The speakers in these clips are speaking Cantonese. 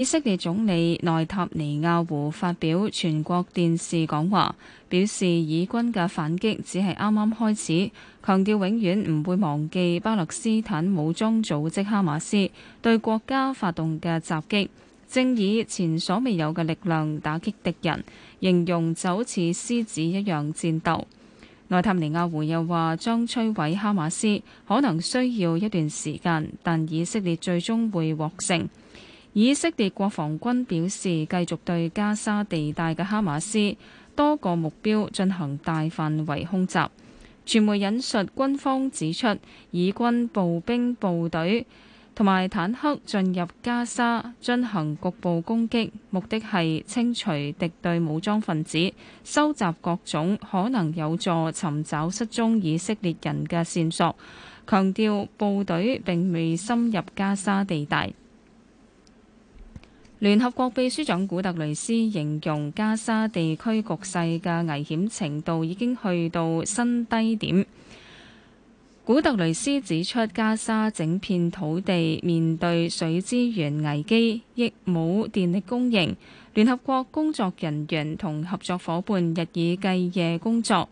以色列總理內塔尼亞胡發表全國電視講話，表示以軍嘅反擊只係啱啱開始，強調永遠唔會忘記巴勒斯坦武裝組織哈馬斯對國家發動嘅襲擊，正以前所未有嘅力量打擊敵人，形容就好似獅子一樣戰鬥。內塔尼亞胡又話：將摧毀哈馬斯可能需要一段時間，但以色列最終會獲勝。以色列國防軍表示，繼續對加沙地帶嘅哈馬斯多個目標進行大範圍空襲。傳媒引述軍方指出，以軍步兵部隊同埋坦克進入加沙進行局部攻擊，目的係清除敵對武裝分子，收集各種可能有助尋找失蹤以色列人嘅線索。強調部隊並未深入加沙地帶。聯合國秘書長古特雷斯形容加沙地區局勢嘅危險程度已經去到新低點。古特雷斯指出，加沙整片土地面對水資源危機，亦冇電力供應。聯合國工作人員同合作夥伴日以繼夜工作，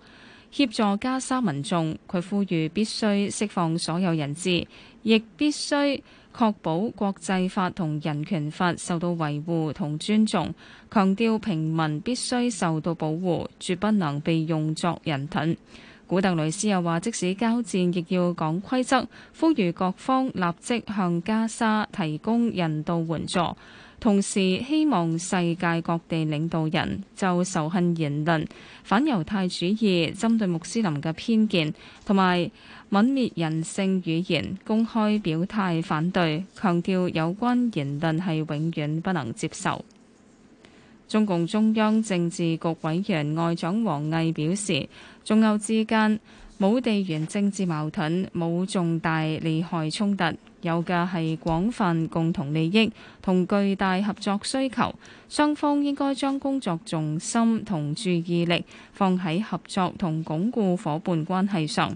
協助加沙民眾。佢呼籲必須釋放所有人質，亦必須，確保國際法同人權法受到維護同尊重，強調平民必須受到保護，絕不能被用作人盾。古特雷斯又話，即使交戰，亦要講規則，呼籲各方立即向加沙提供人道援助，同時希望世界各地領導人就仇恨言論、反猶太主義針對穆斯林嘅偏見同埋。泯滅人性語言，公開表態反對，強調有關言論係永遠不能接受。中共中央政治局委員外長王毅表示：中歐之間冇地緣政治矛盾，冇重大利害衝突，有嘅係廣泛共同利益同巨大合作需求。雙方應該將工作重心同注意力放喺合作同鞏固伙伴關係上。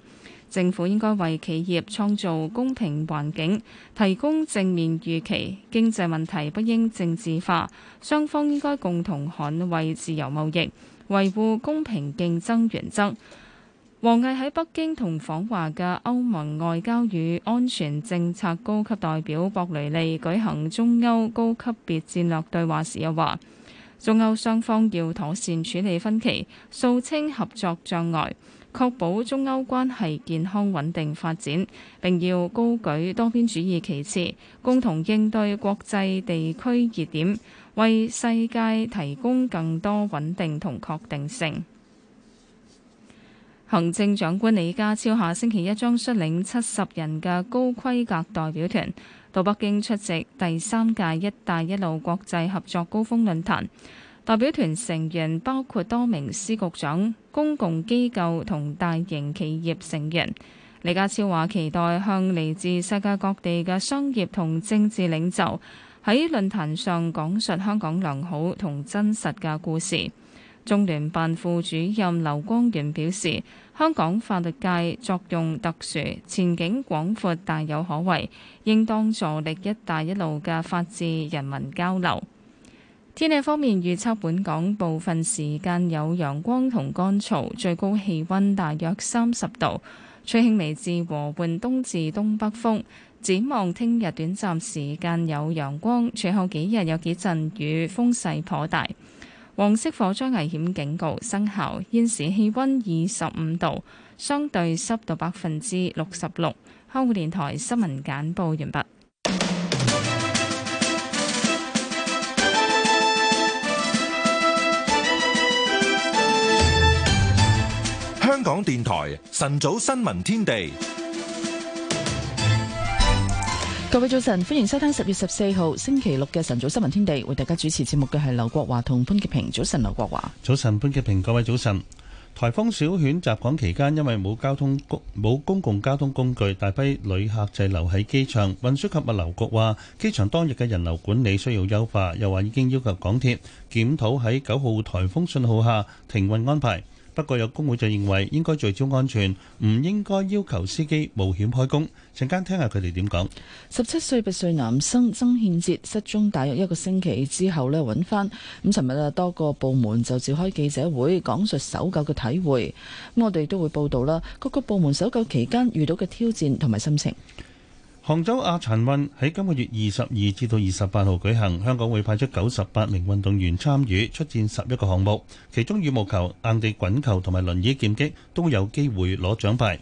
政府應該為企業創造公平環境，提供正面預期。經濟問題不應政治化，雙方應該共同捍衛自由貿易，維護公平競爭原則。王毅喺北京同訪華嘅歐盟外交與安全政策高級代表博雷利舉行中歐高級別戰略對話時又話：中歐雙方要妥善處理分歧，掃清合作障礙，確保中歐關係健康穩定發展。並要高舉多邊主義旗幟，共同應對國際地區熱點，為世界提供更多穩定同確定性。行政長官李家超下星期一將率領七十人嘅高規格代表團到北京出席第三屆“一帶一路”國際合作高峰論壇。代表團成員包括多名司局長、公共機構同大型企業成員。李家超話：期待向嚟自世界各地嘅商業同政治領袖喺論壇上講述香港良好同真實嘅故事。中聯辦副主任劉光源表示。香港法律界作用特殊，前景廣闊大有可為，應當助力「一帶一路」嘅法治人民交流。天氣方面預測本港部分時間有陽光同乾燥，最高氣温大約三十度，吹輕微至和緩東至東北風，展望聽日短暫時間有陽光，隨後幾日有幾陣雨，風勢頗大。黃色火災危險警告生效，現時氣溫二十五度，相對濕度百分之六十六。香港電台新聞簡報完畢。香港電台晨早新聞天地。各位早晨，歡迎收聽十月十四號星期六嘅晨早新聞天地。為大家主持節目嘅係劉國華同潘潔平。早晨，劉國華。早晨，潘潔平。各位早晨。台風小犬襲港期間，因為冇交通公冇公共交通工具，大批旅客滯留喺機場。運輸及物流局話，機場當日嘅人流管理需要優化，又話已經要求港鐵檢討喺九號台風信號下停運安排。不過有工會就認為應該聚焦安全，唔應該要求司機冒險開工。陣間聽下佢哋點講。十七歲八歲男生曾憲哲失蹤大約一個星期之後呢揾翻咁，尋日啊多個部門就召開記者會，講述搜救嘅體會。我哋都會報道啦，各個部門搜救期間遇到嘅挑戰同埋心情。杭州亞殘運喺今個月二十二至到二十八號舉行，香港會派出九十八名運動員參與，出戰十一個項目，其中羽毛球、硬地滾球同埋輪椅劍擊都會有機會攞獎牌。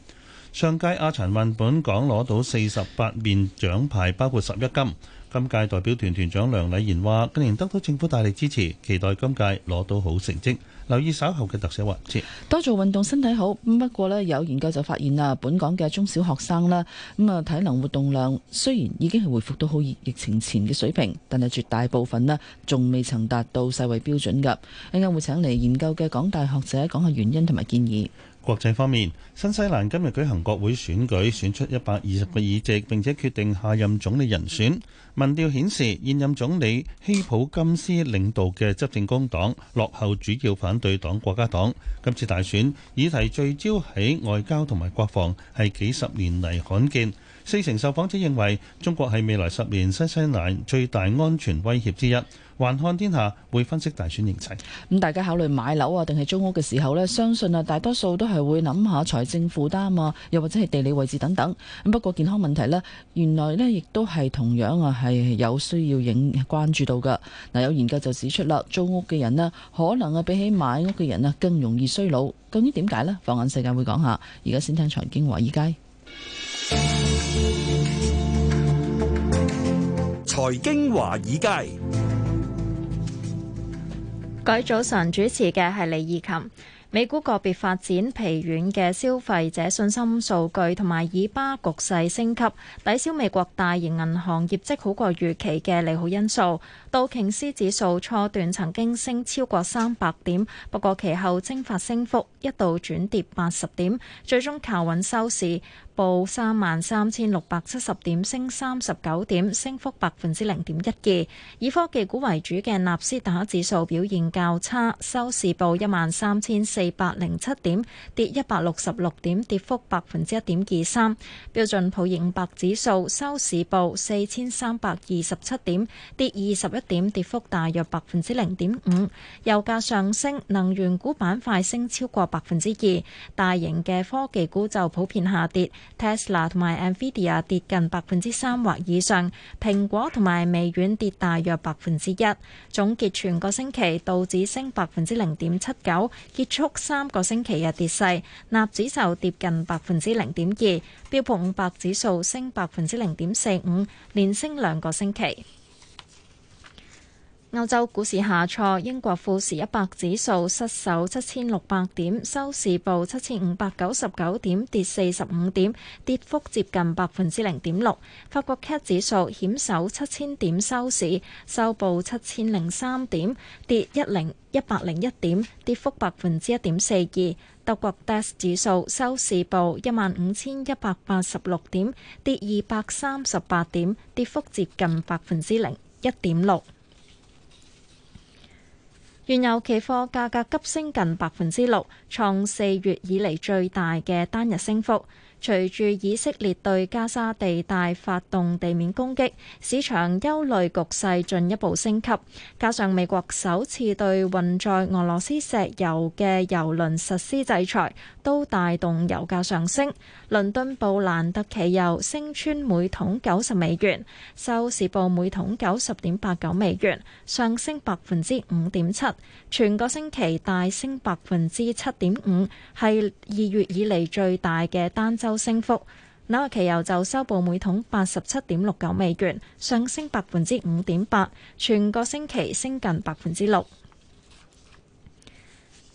上屆亞殘運本港攞到四十八面獎牌，包括十一金。今屆代表團團長梁禮賢話，今年得到政府大力支持，期待今屆攞到好成績。留意稍後嘅特寫環節。多做運動身體好。不過咧，有研究就發現啦，本港嘅中小學生咧，咁啊體能活動量雖然已經係回復到好熱疫情前嘅水平，但係絕大部分咧仲未曾達到世衛標準㗎。啱啱會請嚟研究嘅港大學者講下原因同埋建議。國際方面，新西蘭今日舉行國會選舉，選出一百二十個議席，並且決定下任總理人選。民調顯示，現任總理希普金斯領導嘅執政工黨落後主要反對黨國家黨。今次大選議題聚焦喺外交同埋國防，係幾十年嚟罕見。四成受訪者認為，中國係未來十年新西蘭最大安全威脅之一。環看天下會分析大選形勢。咁大家考慮買樓啊，定係租屋嘅時候呢，相信啊，大多數都係會諗下財政負擔啊，又或者係地理位置等等。咁不過健康問題呢，原來呢亦都係同樣啊，係有需要影關注到噶。嗱，有研究就指出啦，租屋嘅人呢，可能啊比起買屋嘅人啊，更容易衰老。究竟點解呢？放眼世界會講下。而家先聽財經華爾街。財經華爾街。各位早晨，主持嘅係李怡琴。美股個別發展，疲軟嘅消費者信心數據，同埋以巴局勢升級抵消美國大型銀行業績好過預期嘅利好因素。道瓊斯指數初段曾經升超過三百點，不過其後蒸發升幅，一度轉跌八十點，最終靠穩收市，報三萬三千六百七十點，升三十九點，升幅百分之零點一二。以科技股為主嘅納斯達克指數表現較差，收市報一萬三千四百零七點，跌一百六十六點，跌幅百分之一點二三。標準普爾五百指數收市報四千三百二十七點，跌二十一點，跌幅大約百分之零點五，油價上升，能源股板塊升超過百分之二，大型嘅科技股就普遍下跌，Tesla 同埋 NVIDIA 跌近百分之三或以上，蘋果同埋微軟跌大約百分之一。總結，全個星期道指升百分之零點七九，結束三個星期日跌勢，納指就跌近百分之零點二，標普五百指數升百分之零點四五，連升兩個星期。歐洲股市下挫，英國富時一百指數失守七千六百點，收市報七千五百九十九點，跌四十五點，跌幅接近百分之零點六。法國 CAC 指數險守七千點收，收市收報七千零三點，跌一零一百零一點，跌幅百分之一點四二。德國 DAX 指數收市報一萬五千一百八十六點，跌二百三十八點，跌幅接近百分之零一點六。原油期貨價格急升近百分之六，創四月以嚟最大嘅單日升幅。隨住以色列對加沙地帶發動地面攻擊，市場憂慮局勢進一步升級，加上美國首次對運載俄羅斯石油嘅油輪實施制裁，都帶動油價上升。倫敦布蘭特期油升穿每桶九十美元，收市報每桶九十點八九美元，上升百分之五點七，全個星期大升百分之七點五，係二月以嚟最大嘅單週收升幅，紐約期油就收報每桶八十七點六九美元，上升百分之五點八，全個星期升近百分之六。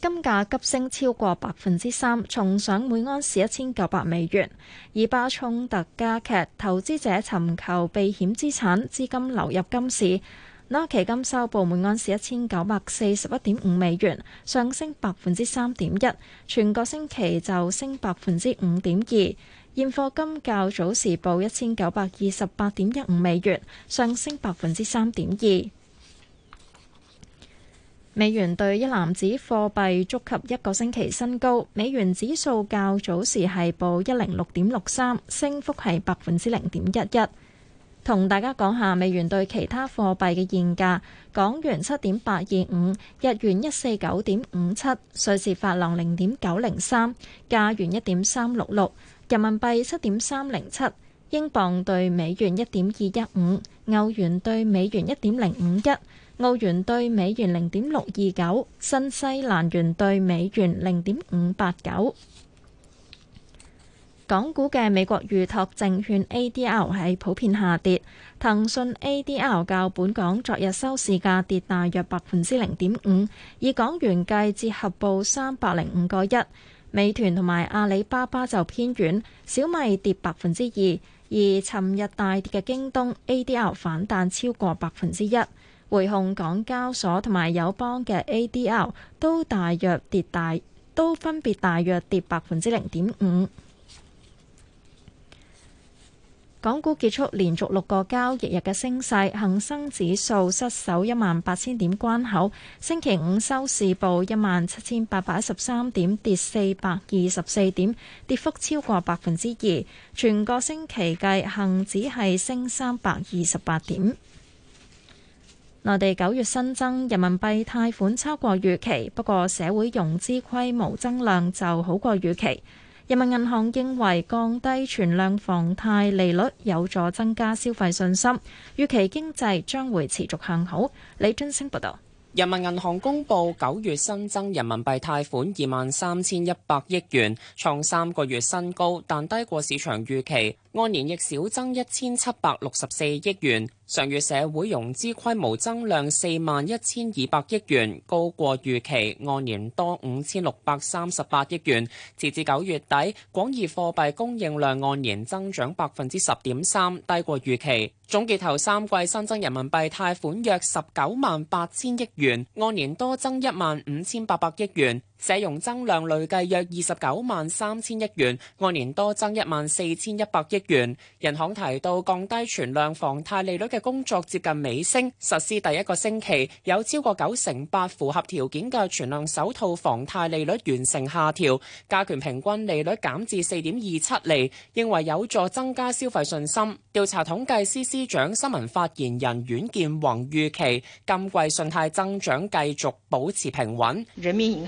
金價急升超過百分之三，重上每安士一千九百美元，以巴衝突加劇，投資者尋求避險資產，資金流入金市。那期金收報每盎司一千九百四十一點五美元，上升百分之三點一，全個星期就升百分之五點二。現貨金較早時報一千九百二十八點一五美元，上升百分之三點二。美元對一籃子貨幣觸及一個星期新高，美元指數較早時係報一零六點六三，升幅係百分之零點一一。同大家講下美元對其他貨幣嘅現價：港元七點八二五，日元一四九點五七，瑞士法郎零點九零三，加元一點三六六，人民幣七點三零七，英鎊對美元一點二一五，歐元對美元一點零五一，澳元對美元零點六二九，新西蘭元對美元零點五八九。港股嘅美國預託證券 A D R 係普遍下跌，騰訊 A D R 較本港昨日收市價跌大約百分之零點五，以港元計折合報三百零五個一。美團同埋阿里巴巴就偏軟，小米跌百分之二，而尋日大跌嘅京東 A D R 反彈超過百分之一，匯控、港交所同埋友邦嘅 A D R 都大約跌大，都分別大約跌百分之零點五。港股結束連續六個交易日嘅升勢，恒生指數失守一萬八千點關口。星期五收市報一萬七千八百一十三點，跌四百二十四點，跌幅超過百分之二。全個星期計，恒指係升三百二十八點。內地九月新增人民幣貸款超過預期，不過社會融資規模增量就好過預期。人民銀行認為降低存量房貸利率有助增加消費信心，預期經濟將會持續向好。李津星報道。人民銀行公布九月新增人民幣貸款二萬三千一百億元，創三個月新高，但低過市場預期，按年亦少增一千七百六十四億元。上月社會融資規模增量四萬一千二百億元，高過預期，按年多五千六百三十八億元。截至九月底，廣義貨幣供應量按年增長百分之十點三，低過預期。總結頭三季新增人民幣貸款約十九萬八千億元，按年多增一萬五千八百億元。社融增量累計約二十九萬三千億元，按年多增一萬四千一百億元。人行提到降低存量房貸利率嘅工作接近尾聲，實施第一個星期有超過九成八符合條件嘅存量首套房貸利率完成下調，加權平均利率減至四點二七厘，認為有助增加消費信心。調查統計司司長新聞發言人阮健弘預期今季信貸增長繼續保持平穩。人民銀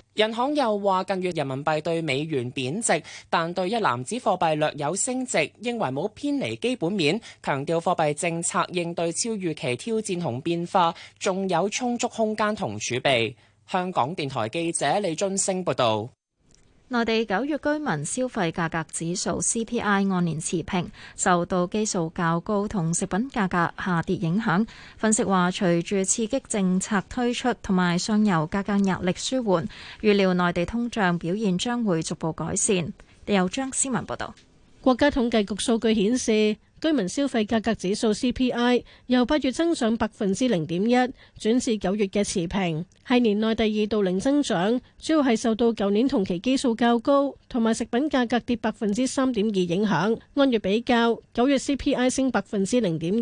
人行又話，近月人民幣對美元貶值，但對一籃子貨幣略有升值，認為冇偏離基本面，強調貨幣政策應對超預期挑戰同變化，仲有充足空間同儲備。香港電台記者李俊升報道。內地九月居民消費價格指數 CPI 按年持平，受到基數較高同食品價格下跌影響。分析話，隨住刺激政策推出同埋上游價格壓力舒緩，預料內地通脹表現將會逐步改善。由張思文報道。國家統計局數據顯示，居民消費價格指數 CPI 由八月增長百分之零點一，轉至九月嘅持平，係年內第二度零增長，主要係受到舊年同期基數較高，同埋食品價格跌百分之三點二影響。按月比較，九月 CPI 升百分之零點二。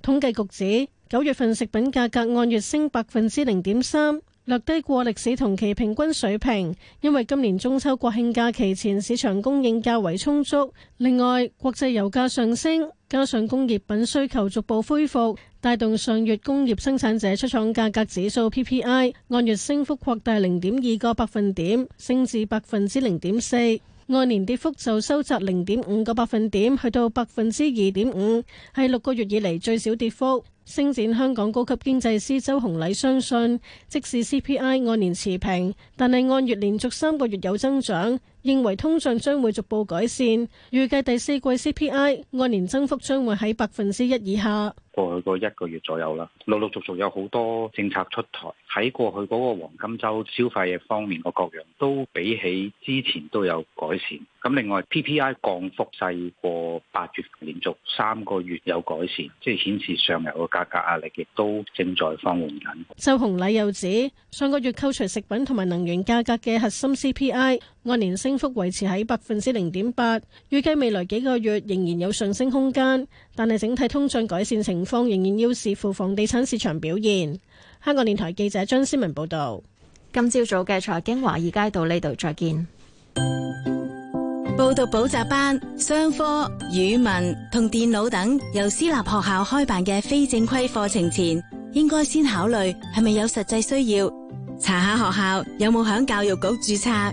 統計局指，九月份食品價格按月升百分之零點三。略低過歷史同期平均水平，因為今年中秋國慶假期前市場供應較為充足。另外，國際油價上升，加上工業品需求逐步恢復，帶動上月工業生產者出廠價格指數 PPI 按月升幅擴大零點二個百分點，升至百分之零點四。按年跌幅就收窄零點五個百分點，去到百分之二點五，係六個月以嚟最少跌幅。星展香港高級經濟師周洪禮相信，即使 CPI 按年持平，但係按月連續三個月有增長。認為通脹將會逐步改善，預計第四季 CPI 按年增幅將會喺百分之一以下。過去嗰一個月左右啦，陸陸續續有好多政策出台，喺過去嗰個黃金周消費嘅方面個各樣都比起之前都有改善。咁另外，PPI 降幅細過八月連，連續三個月有改善，即係顯示上游嘅價格壓力亦都正在放緩緊。周紅禮又指，上個月扣除食品同埋能源價格嘅核心 CPI 按年升。升幅維持喺百分之零點八，預計未來幾個月仍然有上升空間，但係整體通脹改善情況仍然要視乎房地產市場表現。香港電台記者張思文報道。今朝早嘅財經華爾街到呢度再見。報讀補習班、商科、語文同電腦等由私立學校開辦嘅非正規課程前，應該先考慮係咪有實際需要，查下學校有冇響教育局註冊。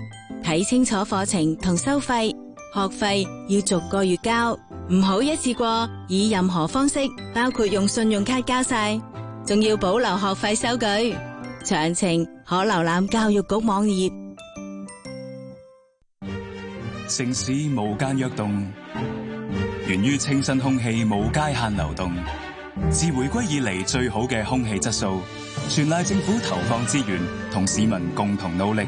睇清楚課程同收費，學費要逐個月交，唔好一次過，以任何方式，包括用信用卡交晒，仲要保留學費收據。詳情可瀏覽教育局網頁。城市無間躍動，源於清新空氣無界限流動。自回歸以嚟最好嘅空氣質素，全賴政府投放資源同市民共同努力。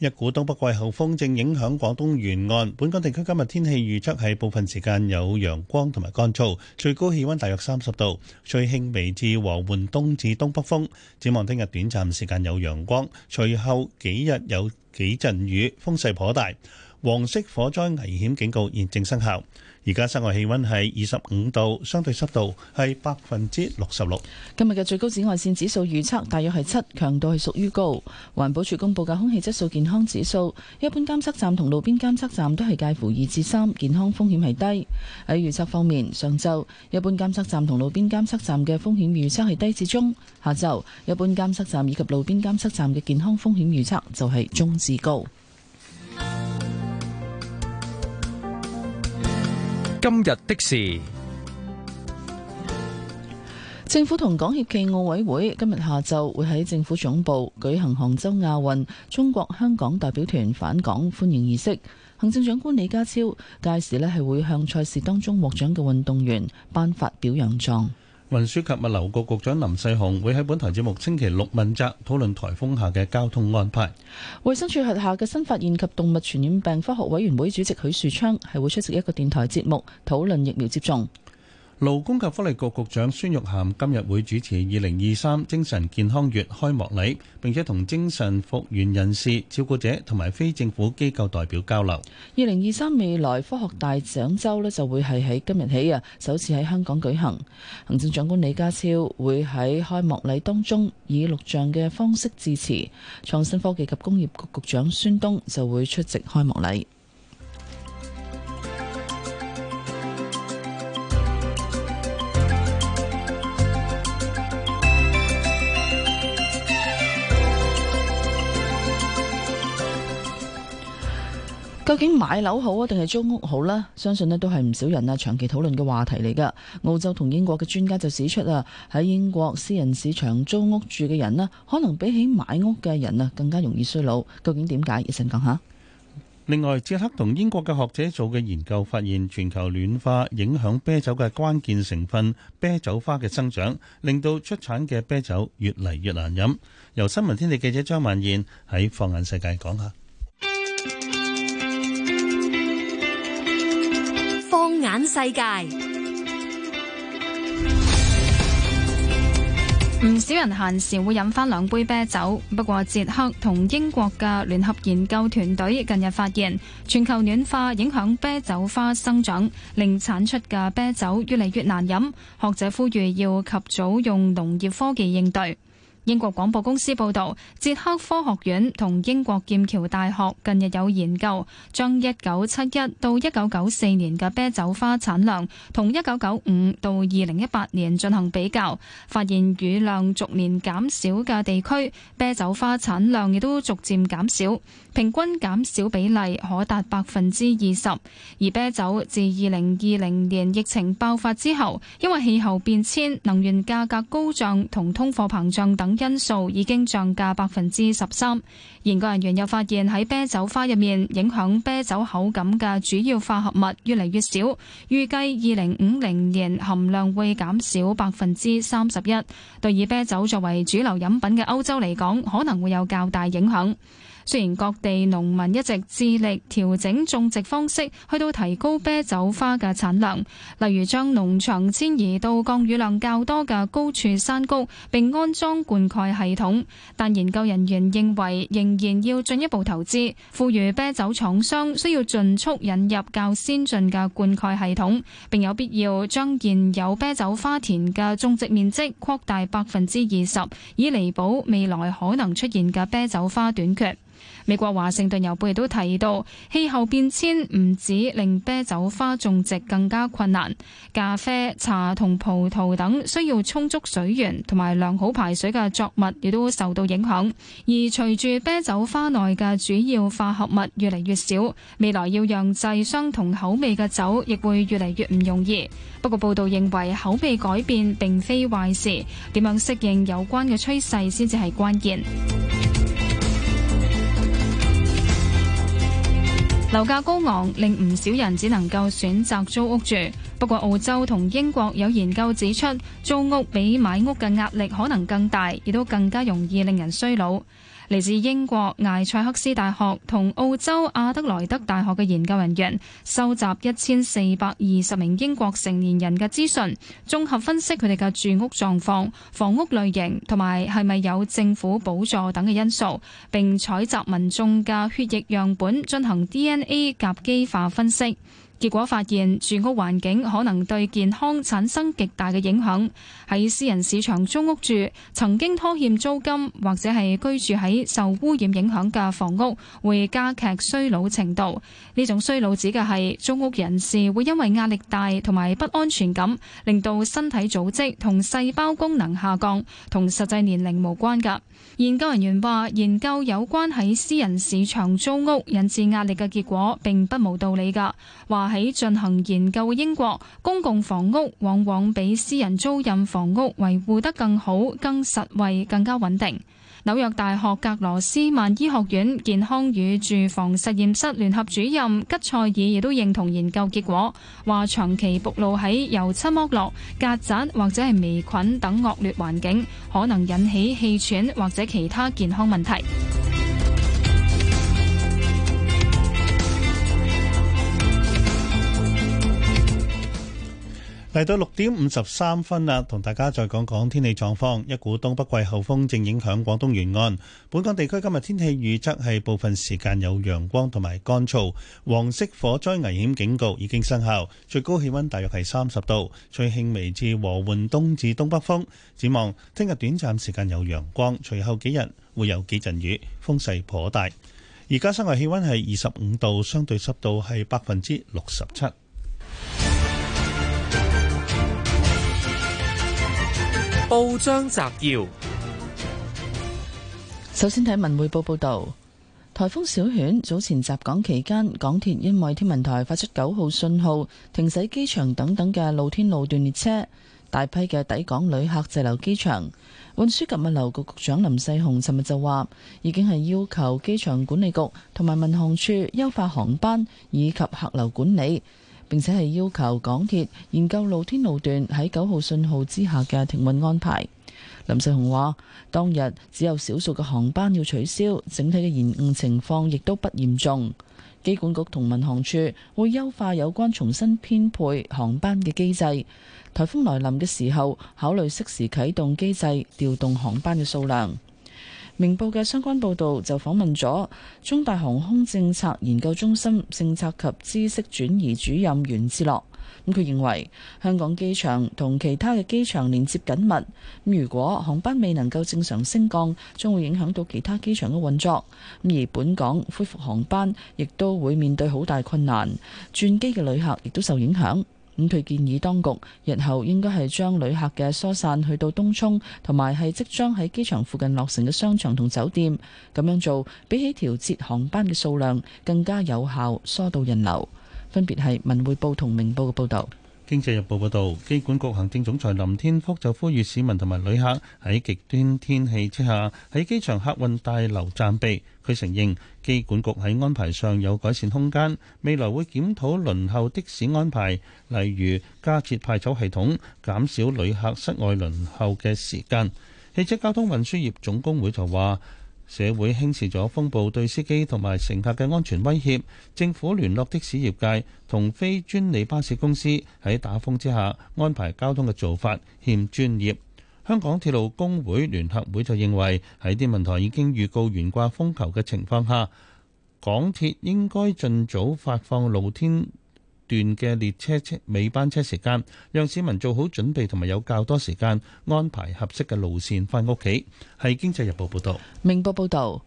一股東北季候風正影響廣東沿岸，本港地區今日天氣預測係部分時間有陽光同埋乾燥，最高氣溫大約三十度。最輕微至和緩東至東北風，展望聽日短暫時間有陽光，隨後幾日有幾陣雨，風勢頗大。黃色火災危險警告現正生效。而家室外氣溫係二十五度，相對濕度係百分之六十六。今日嘅最高紫外線指數預測大約係七，強度係屬於高。環保署公布嘅空氣質素健康指數，一般監測站同路邊監測站都係介乎二至三，健康風險係低。喺預測方面，上晝一般監測站同路邊監測站嘅風險預測係低至中，下晝一般監測站以及路邊監測站嘅健康風險預測就係中至高。今日的事，政府同港協暨奧委會今日下晝會喺政府總部舉行杭州亞運中國香港代表團返港歡迎儀式。行政長官李家超屆時呢係會向賽事當中獲獎嘅運動員頒發表揚狀。運輸及物流局局長林世雄會喺本台節目星期六問責，討論台風下嘅交通安排。衛生署轄下嘅新發現及動物傳染病科學委員會主席許樹昌係會出席一個電台節目，討論疫苗接種。勞工及福利局局長孫玉菡今日會主持二零二三精神健康月開幕禮，並且同精神復原人士、照顧者同埋非政府機構代表交流。二零二三未來科學大獎周咧就會係喺今日起啊，首次喺香港舉行。行政長官李家超會喺開幕禮當中以錄像嘅方式致辭。創新科技及工業局局，局長孫東就會出席開幕禮。究竟買樓好啊，定係租屋好呢？相信呢都係唔少人啊長期討論嘅話題嚟噶。澳洲同英國嘅專家就指出啊，喺英國私人市場租屋住嘅人咧，可能比起買屋嘅人啊，更加容易衰老。究竟點解？一陣講下。另外，捷克同英國嘅學者做嘅研究發現，全球暖化影響啤酒嘅關鍵成分啤酒花嘅生長，令到出產嘅啤酒越嚟越難飲。由新聞天地記者張萬燕喺放眼世界講下。眼世界，唔少人閒時會飲返兩杯啤酒。不過捷克同英國嘅聯合研究團隊近日發現，全球暖化影響啤酒花生長，令產出嘅啤酒越嚟越難飲。學者呼籲要及早用農業科技應對。英國廣播公司報道，捷克科學院同英國劍橋大學近日有研究，將一九七一到一九九四年嘅啤酒花產量，同一九九五到二零一八年進行比較，發現雨量逐年減少嘅地區，啤酒花產量亦都逐漸減少，平均減少比例可達百分之二十。而啤酒自二零二零年疫情爆發之後，因為氣候變遷、能源價格高漲同通貨膨脹等。因素已經漲價百分之十三。研究人員又發現喺啤酒花入面，影響啤酒口感嘅主要化合物越嚟越少，預計二零五零年含量會減少百分之三十一。對以啤酒作為主流飲品嘅歐洲嚟講，可能會有較大影響。雖然各地農民一直致力調整種植方式，去到提高啤酒花嘅產量，例如將農場遷移到降雨量較多嘅高處山谷，並安裝灌溉系統。但研究人員認為，仍然要進一步投資。例如啤酒廠商需要盡速引入較先進嘅灌溉系統，並有必要將現有啤酒花田嘅種植面積擴大百分之二十，以彌補未來可能出現嘅啤酒花短缺。美國華盛頓郵報亦都提到，氣候變遷唔止令啤酒花種植更加困難，咖啡、茶同葡萄等需要充足水源同埋良好排水嘅作物亦都受到影響。而隨住啤酒花內嘅主要化合物越嚟越少，未來要釀製相同口味嘅酒亦會越嚟越唔容易。不過報道認為，口味改變並非壞事，點樣適應有關嘅趨勢先至係關鍵。樓價高昂，令唔少人只能夠選擇租屋住。不過澳洲同英國有研究指出，租屋比買屋嘅壓力可能更大，亦都更加容易令人衰老。嚟自英國艾塞克斯大學同澳洲阿德萊德大學嘅研究人員，收集一千四百二十名英國成年人嘅資訊，綜合分析佢哋嘅住屋狀況、房屋類型同埋係咪有政府補助等嘅因素，並採集民眾嘅血液樣本進行 DNA 甲基化分析。結果發現，住屋環境可能對健康產生極大嘅影響。喺私人市場租屋住，曾經拖欠租金或者係居住喺受污染影響嘅房屋，會加劇衰老程度。呢種衰老指嘅係租屋人士會因為壓力大同埋不安全感，令到身體組織同細胞功能下降，同實際年齡無關㗎。研究人員話，研究有關喺私人市場租屋引致壓力嘅結果，並不無道理。㗎話。喺進行研究嘅英國，公共房屋往往比私人租賃房屋維護得更好、更實惠、更加穩定。紐約大學格羅斯曼醫學院健康與住房實驗室聯合主任吉塞爾亦都認同研究結果，話長期暴露喺油漆剝落、曱甴或者係微菌等惡劣環境，可能引起氣喘或者其他健康問題。嚟到六點五十三分啦，同大家再講講天氣狀況。一股東北季候風正影響廣東沿岸，本港地區今日天氣預測係部分時間有陽光同埋乾燥，黃色火災危險警告已經生效，最高氣温大約係三十度，吹輕微至和緩東至東北風。展望聽日短暫時間有陽光，隨後幾日會有幾陣雨，風勢頗大。而家室外氣温係二十五度，相對濕度係百分之六十七。報章摘要：首先睇文匯報報道，台風小犬早前襲港期間，港鐵因為天文台發出九號信號，停駛機場等等嘅露天路段列車，大批嘅抵港旅客滯留機場。運輸及物流局局長林世雄尋日就話，已經係要求機場管理局同埋民航處優化航班以及客流管理。並且係要求港鐵研究露天路段喺九號信號之下嘅停運安排。林世雄話，當日只有少數嘅航班要取消，整體嘅延誤情況亦都不嚴重。機管局同民航處會優化有關重新編配航班嘅機制。颱風來臨嘅時候，考慮適時啟動機制，調動航班嘅數量。明報嘅相關報導就訪問咗中大航空政策研究中心政策及知識轉移主任袁志樂，咁佢認為香港機場同其他嘅機場連接緊密，如果航班未能夠正常升降，將會影響到其他機場嘅運作，而本港恢復航班亦都會面對好大困難，轉機嘅旅客亦都受影響。咁佢建議當局日後應該係將旅客嘅疏散去到東涌，同埋係即將喺機場附近落成嘅商場同酒店咁樣做，比起調節航班嘅數量更加有效，疏導人流。分別係文匯報同明報嘅報道。《經濟日報》報道，機管局行政總裁林天福就呼籲市民同埋旅客喺極端天氣之下喺機場客運大樓暫避。佢承認機管局喺安排上有改善空間，未來會檢討輪候的士安排，例如加設派走系統，減少旅客室外輪候嘅時間。汽車交通運輸業總工會就話：社會輕視咗風暴對司機同埋乘客嘅安全威脅，政府聯絡的士業界同非專利巴士公司喺打風之下安排交通嘅做法欠專業。香港鐵路工會聯合會就認為，喺天文台已經預告懸掛風球嘅情況下，港鐵應該盡早發放露天段嘅列車車尾班車時間，讓市民做好準備同埋有較多時間安排合適嘅路線翻屋企。係《經濟日報》報道。《明報》報導。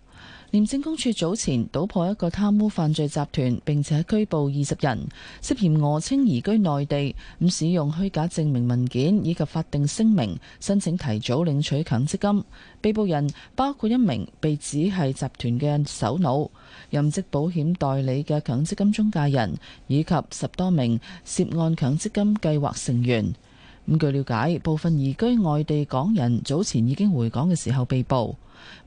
廉政公署早前搗破一個貪污犯罪集團，並且拘捕二十人，涉嫌訛稱移居內地，咁使用虛假證明文件以及法定聲明申請提早領取強積金。被捕人包括一名被指係集團嘅首腦、任職保險代理嘅強積金中介人，以及十多名涉案強積金計劃成員。據了解，部分移居外地港人早前已經回港嘅時候被捕。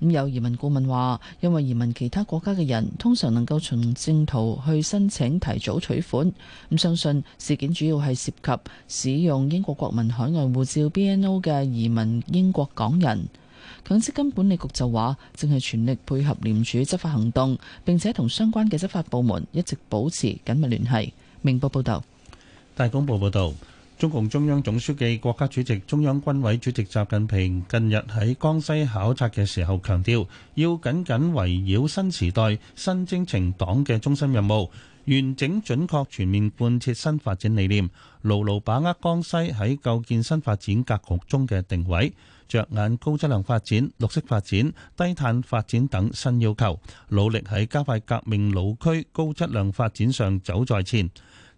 咁有移民顧問話，因為移民其他國家嘅人通常能夠循正途去申請提早取款，咁相信事件主要係涉及使用英國國民海外護照 BNO 嘅移民英國港人。強積金管理局就話，正係全力配合廉署執法行動，並且同相關嘅執法部門一直保持緊密聯繫。明報報道，大公報報道。中共中央總書記、國家主席、中央軍委主席習近平近日喺江西考察嘅時候強調，要緊緊圍繞新時代新征程黨嘅中心任務，完整準確全面貫徹新發展理念，牢牢把握江西喺構建新發展格局中嘅定位，着眼高質量發展、綠色發展、低碳發展等新要求，努力喺加快革命老區高質量發展上走在前。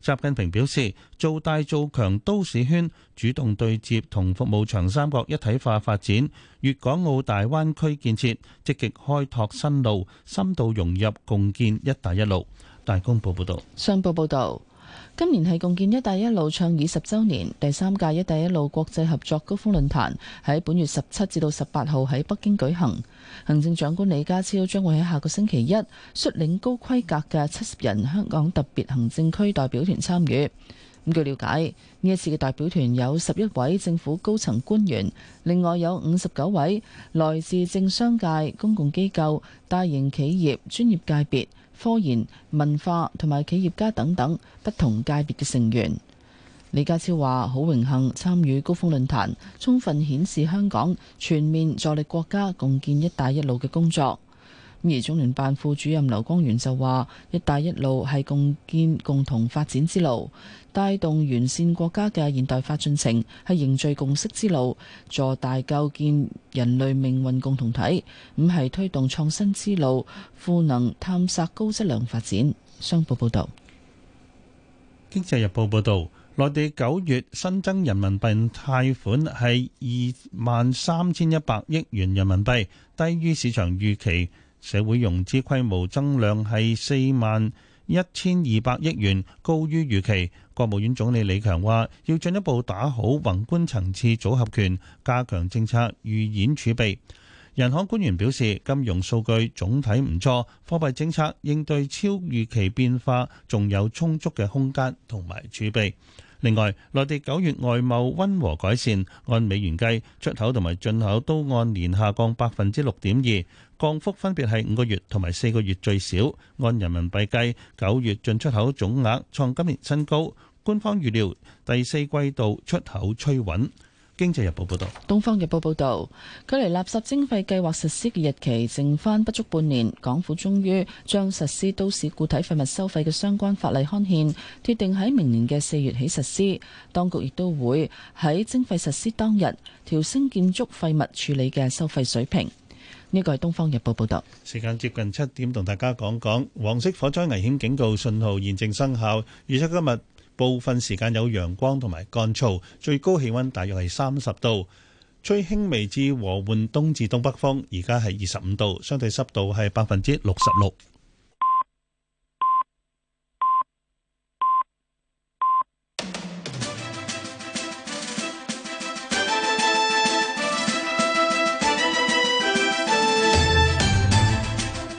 習近平表示，做大做強都市圈，主動對接同服務長三角一體化發展、粵港澳大灣區建設，積極開拓新路，深度融入共建“一帶一路”。大公報報道，商報報道。今年係共建「一帶一路」倡議十週年，第三屆「一帶一路」國際合作高峰論壇喺本月十七至到十八號喺北京舉行。行政長官李家超將會喺下個星期一率領高規格嘅七十人香港特別行政區代表團參與。據了解，呢一次嘅代表團有十一位政府高層官員，另外有五十九位來自政商界、公共機構、大型企業、專業界別、科研、文化同埋企業家等等不同界別嘅成員，李家超話好榮幸參與高峰論壇，充分顯示香港全面助力國家共建“一帶一路”嘅工作。而中聯辦副主任劉光源就話，一帶一路係共建共同發展之路，帶動完善國家嘅現代化進程，係凝聚共識之路，助大構建人類命運共同體。五係推動創新之路，賦能探索高質量發展。商報報道，《經濟日報》報道，內地九月新增人民幣貸款係二萬三千一百億元人民幣，低於市場預期。社會融資規模增量係四萬一千二百億元，高於預期。國務院總理李強話：要進一步打好宏觀層次組合拳，加強政策預演儲備。人行官員表示，金融數據總體唔錯，貨幣政策應對超預期變化仲有充足嘅空間同埋儲備。另外，內地九月外貿溫和改善，按美元計，出口同埋進口都按年下降百分之六點二，降幅分別係五個月同埋四個月最少。按人民幣計，九月進出口總額創今年新高。官方預料第四季度出口趨穩。經濟日報報道，東方日報報道，距離垃圾徵費計劃實施嘅日期剩翻不足半年，港府終於將實施都市固體廢物收費嘅相關法例刊憲，決定喺明年嘅四月起實施。當局亦都會喺徵費實施當日調升建築廢物處理嘅收費水平。呢個係東方日報報道。時間接近七點，同大家講講黃色火災危險警告信號現正生效，預測今日。部分時間有陽光同埋乾燥，最高氣溫大約係三十度，吹輕微至和緩東至東北風，而家係二十五度，相對濕度係百分之六十六。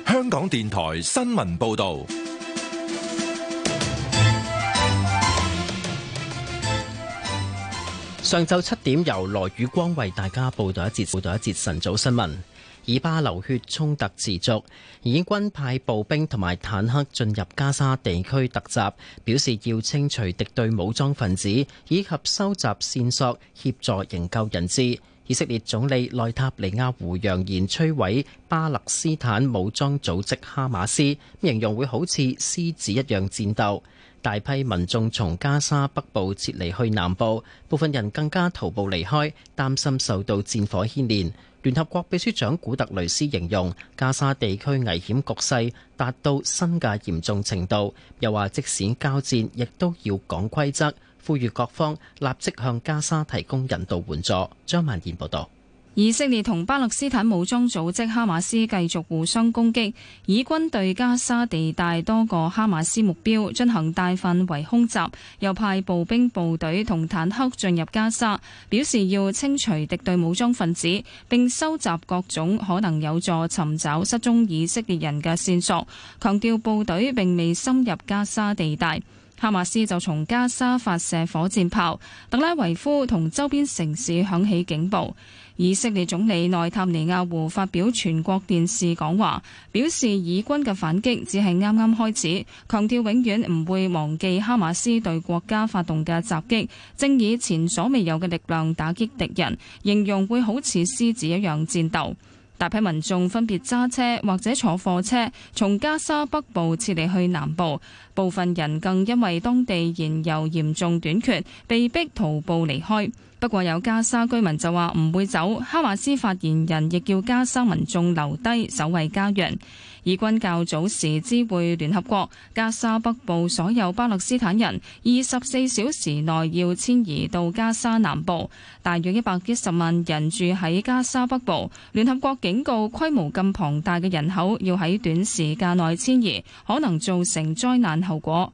香港電台新聞報道。上晝七點，由羅宇光為大家報道一節報道一節晨早新聞。以巴流血衝突持續，以色列軍派步兵同埋坦克進入加沙地區突襲，表示要清除敵對武裝分子，以及收集線索，協助營救人質。以色列總理內塔尼亞胡揚言摧毀巴勒斯坦武裝組織哈馬斯，形容會好似獅子一樣戰鬥。大批民眾從加沙北部撤離去南部，部分人更加徒步離開，擔心受到戰火牽連。聯合國秘書長古特雷斯形容加沙地區危險局勢達到新嘅嚴重程度，又話即使交戰亦都要講規則，呼籲各方立即向加沙提供引導援助。張曼燕報道。以色列同巴勒斯坦武裝組織哈馬斯繼續互相攻擊，以軍對加沙地帶多個哈馬斯目標進行大範圍空襲，又派步兵部隊同坦克進入加沙，表示要清除敵對武裝分子並收集各種可能有助尋找失蹤以色列人嘅線索，強調部隊並未深入加沙地帶。哈馬斯就從加沙發射火箭炮，特拉維夫同周邊城市響起警報。以色列總理內塔尼亞胡發表全國電視講話，表示以軍嘅反擊只係啱啱開始，強調永遠唔會忘記哈馬斯對國家發動嘅襲擊，正以前所未有嘅力量打擊敵人，形容會好似獅子一樣戰鬥。大批民眾分別揸車或者坐貨車，從加沙北部撤離去南部，部分人更因為當地燃油嚴重短缺，被迫徒步離開。不過有加沙居民就話唔會走，哈馬斯發言人亦叫加沙民眾留低守衞家園。以軍較早時知會聯合國，加沙北部所有巴勒斯坦人二十四小時內要遷移到加沙南部。大約一百一十萬人住喺加沙北部，聯合國警告規模咁龐大嘅人口要喺短時間內遷移，可能造成災難後果。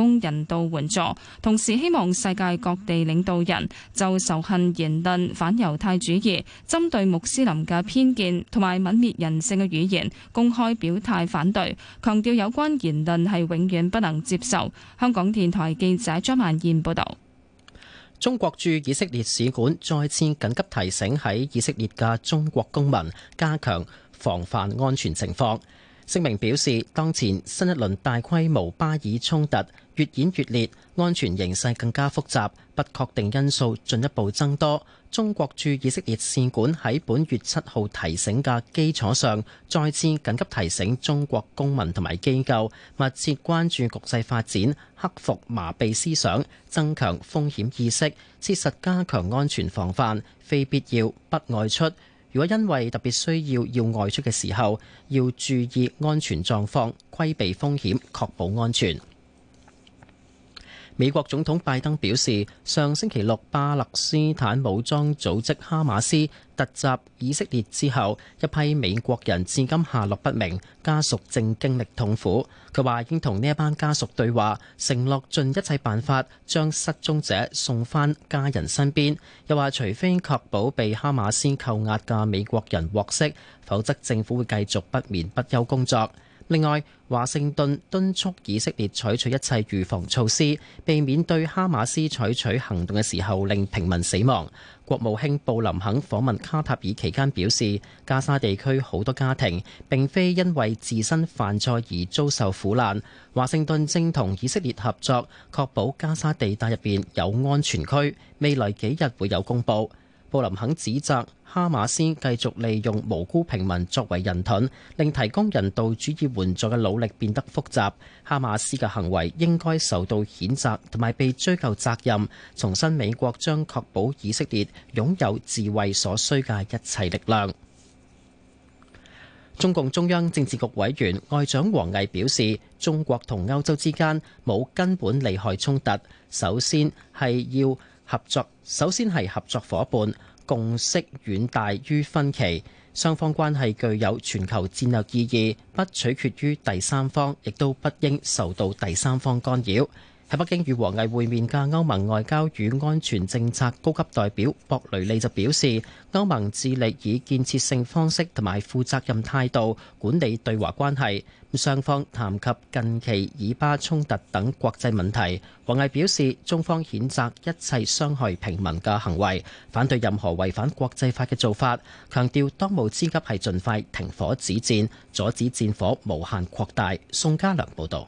供人道援助，同時希望世界各地領導人就仇恨言論、反猶太主義、針對穆斯林嘅偏見同埋泯滅人性嘅語言公開表態反對，強調有關言論係永遠不能接受。香港電台記者張曼燕報道。中國駐以色列使館再次緊急提醒喺以色列嘅中國公民加強防範安全情況。聲明表示，當前新一輪大規模巴以衝突。越演越烈，安全形勢更加複雜，不確定因素進一步增多。中國駐以色列使館喺本月七號提醒嘅基礎上，再次緊急提醒中國公民同埋機構密切關注局勢發展，克服麻痹思想，增強風險意識，切實加強安全防範。非必要不外出。如果因為特別需要要外出嘅時候，要注意安全狀況，規避風險，確保安全。美國總統拜登表示，上星期六巴勒斯坦武裝組織哈馬斯突襲以色列之後，一批美國人至今下落不明，家屬正經歷痛苦。佢話已經同呢一班家屬對話，承諾盡一切辦法將失蹤者送返家人身邊。又話除非確保被哈馬斯扣押嘅美國人獲釋，否則政府會繼續不眠不休工作。另外，華盛頓敦促以色列採取一切預防措施，避免對哈馬斯採取行動嘅時候令平民死亡。國務卿布林肯訪問卡塔爾期間表示，加沙地區好多家庭並非因為自身犯錯而遭受苦難。華盛頓正同以色列合作，確保加沙地帶入邊有安全區。未來幾日會有公佈。布林肯指責哈馬斯繼續利用無辜平民作為人盾，令提供人道主義援助嘅努力變得複雜。哈馬斯嘅行為應該受到譴責，同埋被追究責任。重申美國將確保以色列擁有自衛所需嘅一切力量。中共中央政治局委員外長王毅表示，中國同歐洲之間冇根本利害衝突，首先係要合作。首先係合作伙伴，共識遠大於分歧，雙方關係具有全球戰略意義，不取決於第三方，亦都不應受到第三方干擾。喺北京與王毅會面嘅歐盟外交與安全政策高級代表博雷利就表示，歐盟致力以建設性方式同埋負責任態度管理對華關係。咁雙方談及近期以巴衝突等國際問題。王毅表示，中方譴責一切傷害平民嘅行為，反對任何違反國際法嘅做法，強調當務之急係盡快停火止戰，阻止戰火無限擴大。宋家良報導。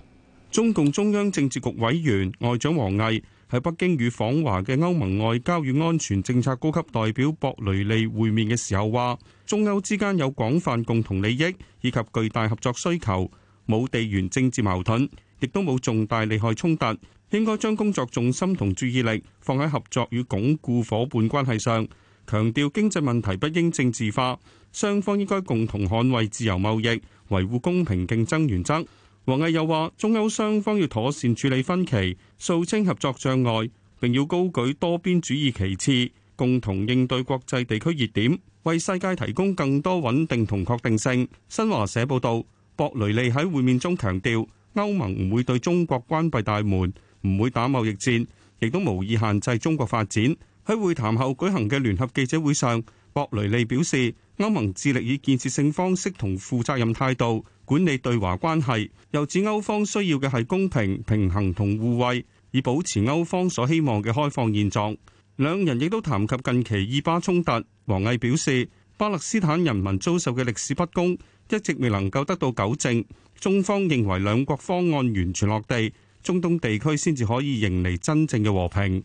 中共中央政治局委員外長王毅喺北京與訪華嘅歐盟外交與安全政策高級代表博雷利會面嘅時候話：中歐之間有廣泛共同利益以及巨大合作需求，冇地緣政治矛盾，亦都冇重大利害衝突，應該將工作重心同注意力放喺合作與鞏固伙伴關係上。強調經濟問題不應政治化，雙方應該共同捍衛自由貿易，維護公平競爭原則。王毅又話：中歐雙方要妥善處理分歧，掃清合作障礙，並要高舉多邊主義旗幟，共同應對國際地區熱點，為世界提供更多穩定同確定性。新華社報導，博雷利喺會面中強調，歐盟唔會對中國關閉大門，唔會打貿易戰，亦都無意限制中國發展。喺會談後舉行嘅聯合記者會上，博雷利表示，歐盟致力以建設性方式同負責任態度管理對華關係，又指歐方需要嘅係公平、平衡同互惠，以保持歐方所希望嘅開放現狀。兩人亦都談及近期以巴衝突。王毅表示，巴勒斯坦人民遭受嘅歷史不公一直未能夠得到糾正。中方認為兩國方案完全落地，中東地區先至可以迎嚟真正嘅和平。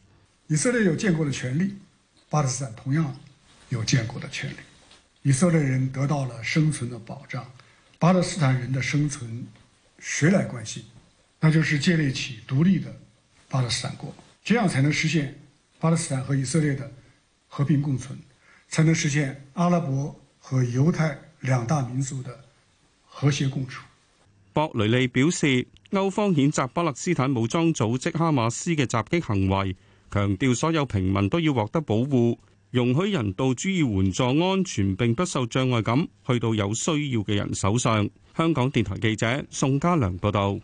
以色列有建國嘅權利，巴勒斯坦同樣有建國嘅權利。以色列人得到了生存嘅保障。巴勒斯坦人的生存，誰來關心？那就是建立起獨立的巴勒斯坦國，這樣才能實現巴勒斯坦和以色列的和平共存，才能實現阿拉伯和猶太兩大民族的和諧共處。博雷利表示，歐方譴責巴勒斯坦武裝組織哈馬斯嘅襲擊行為，強調所有平民都要獲得保護。容許人道主義援助安全並不受障礙咁，去到有需要嘅人手上。香港電台記者宋家良報道。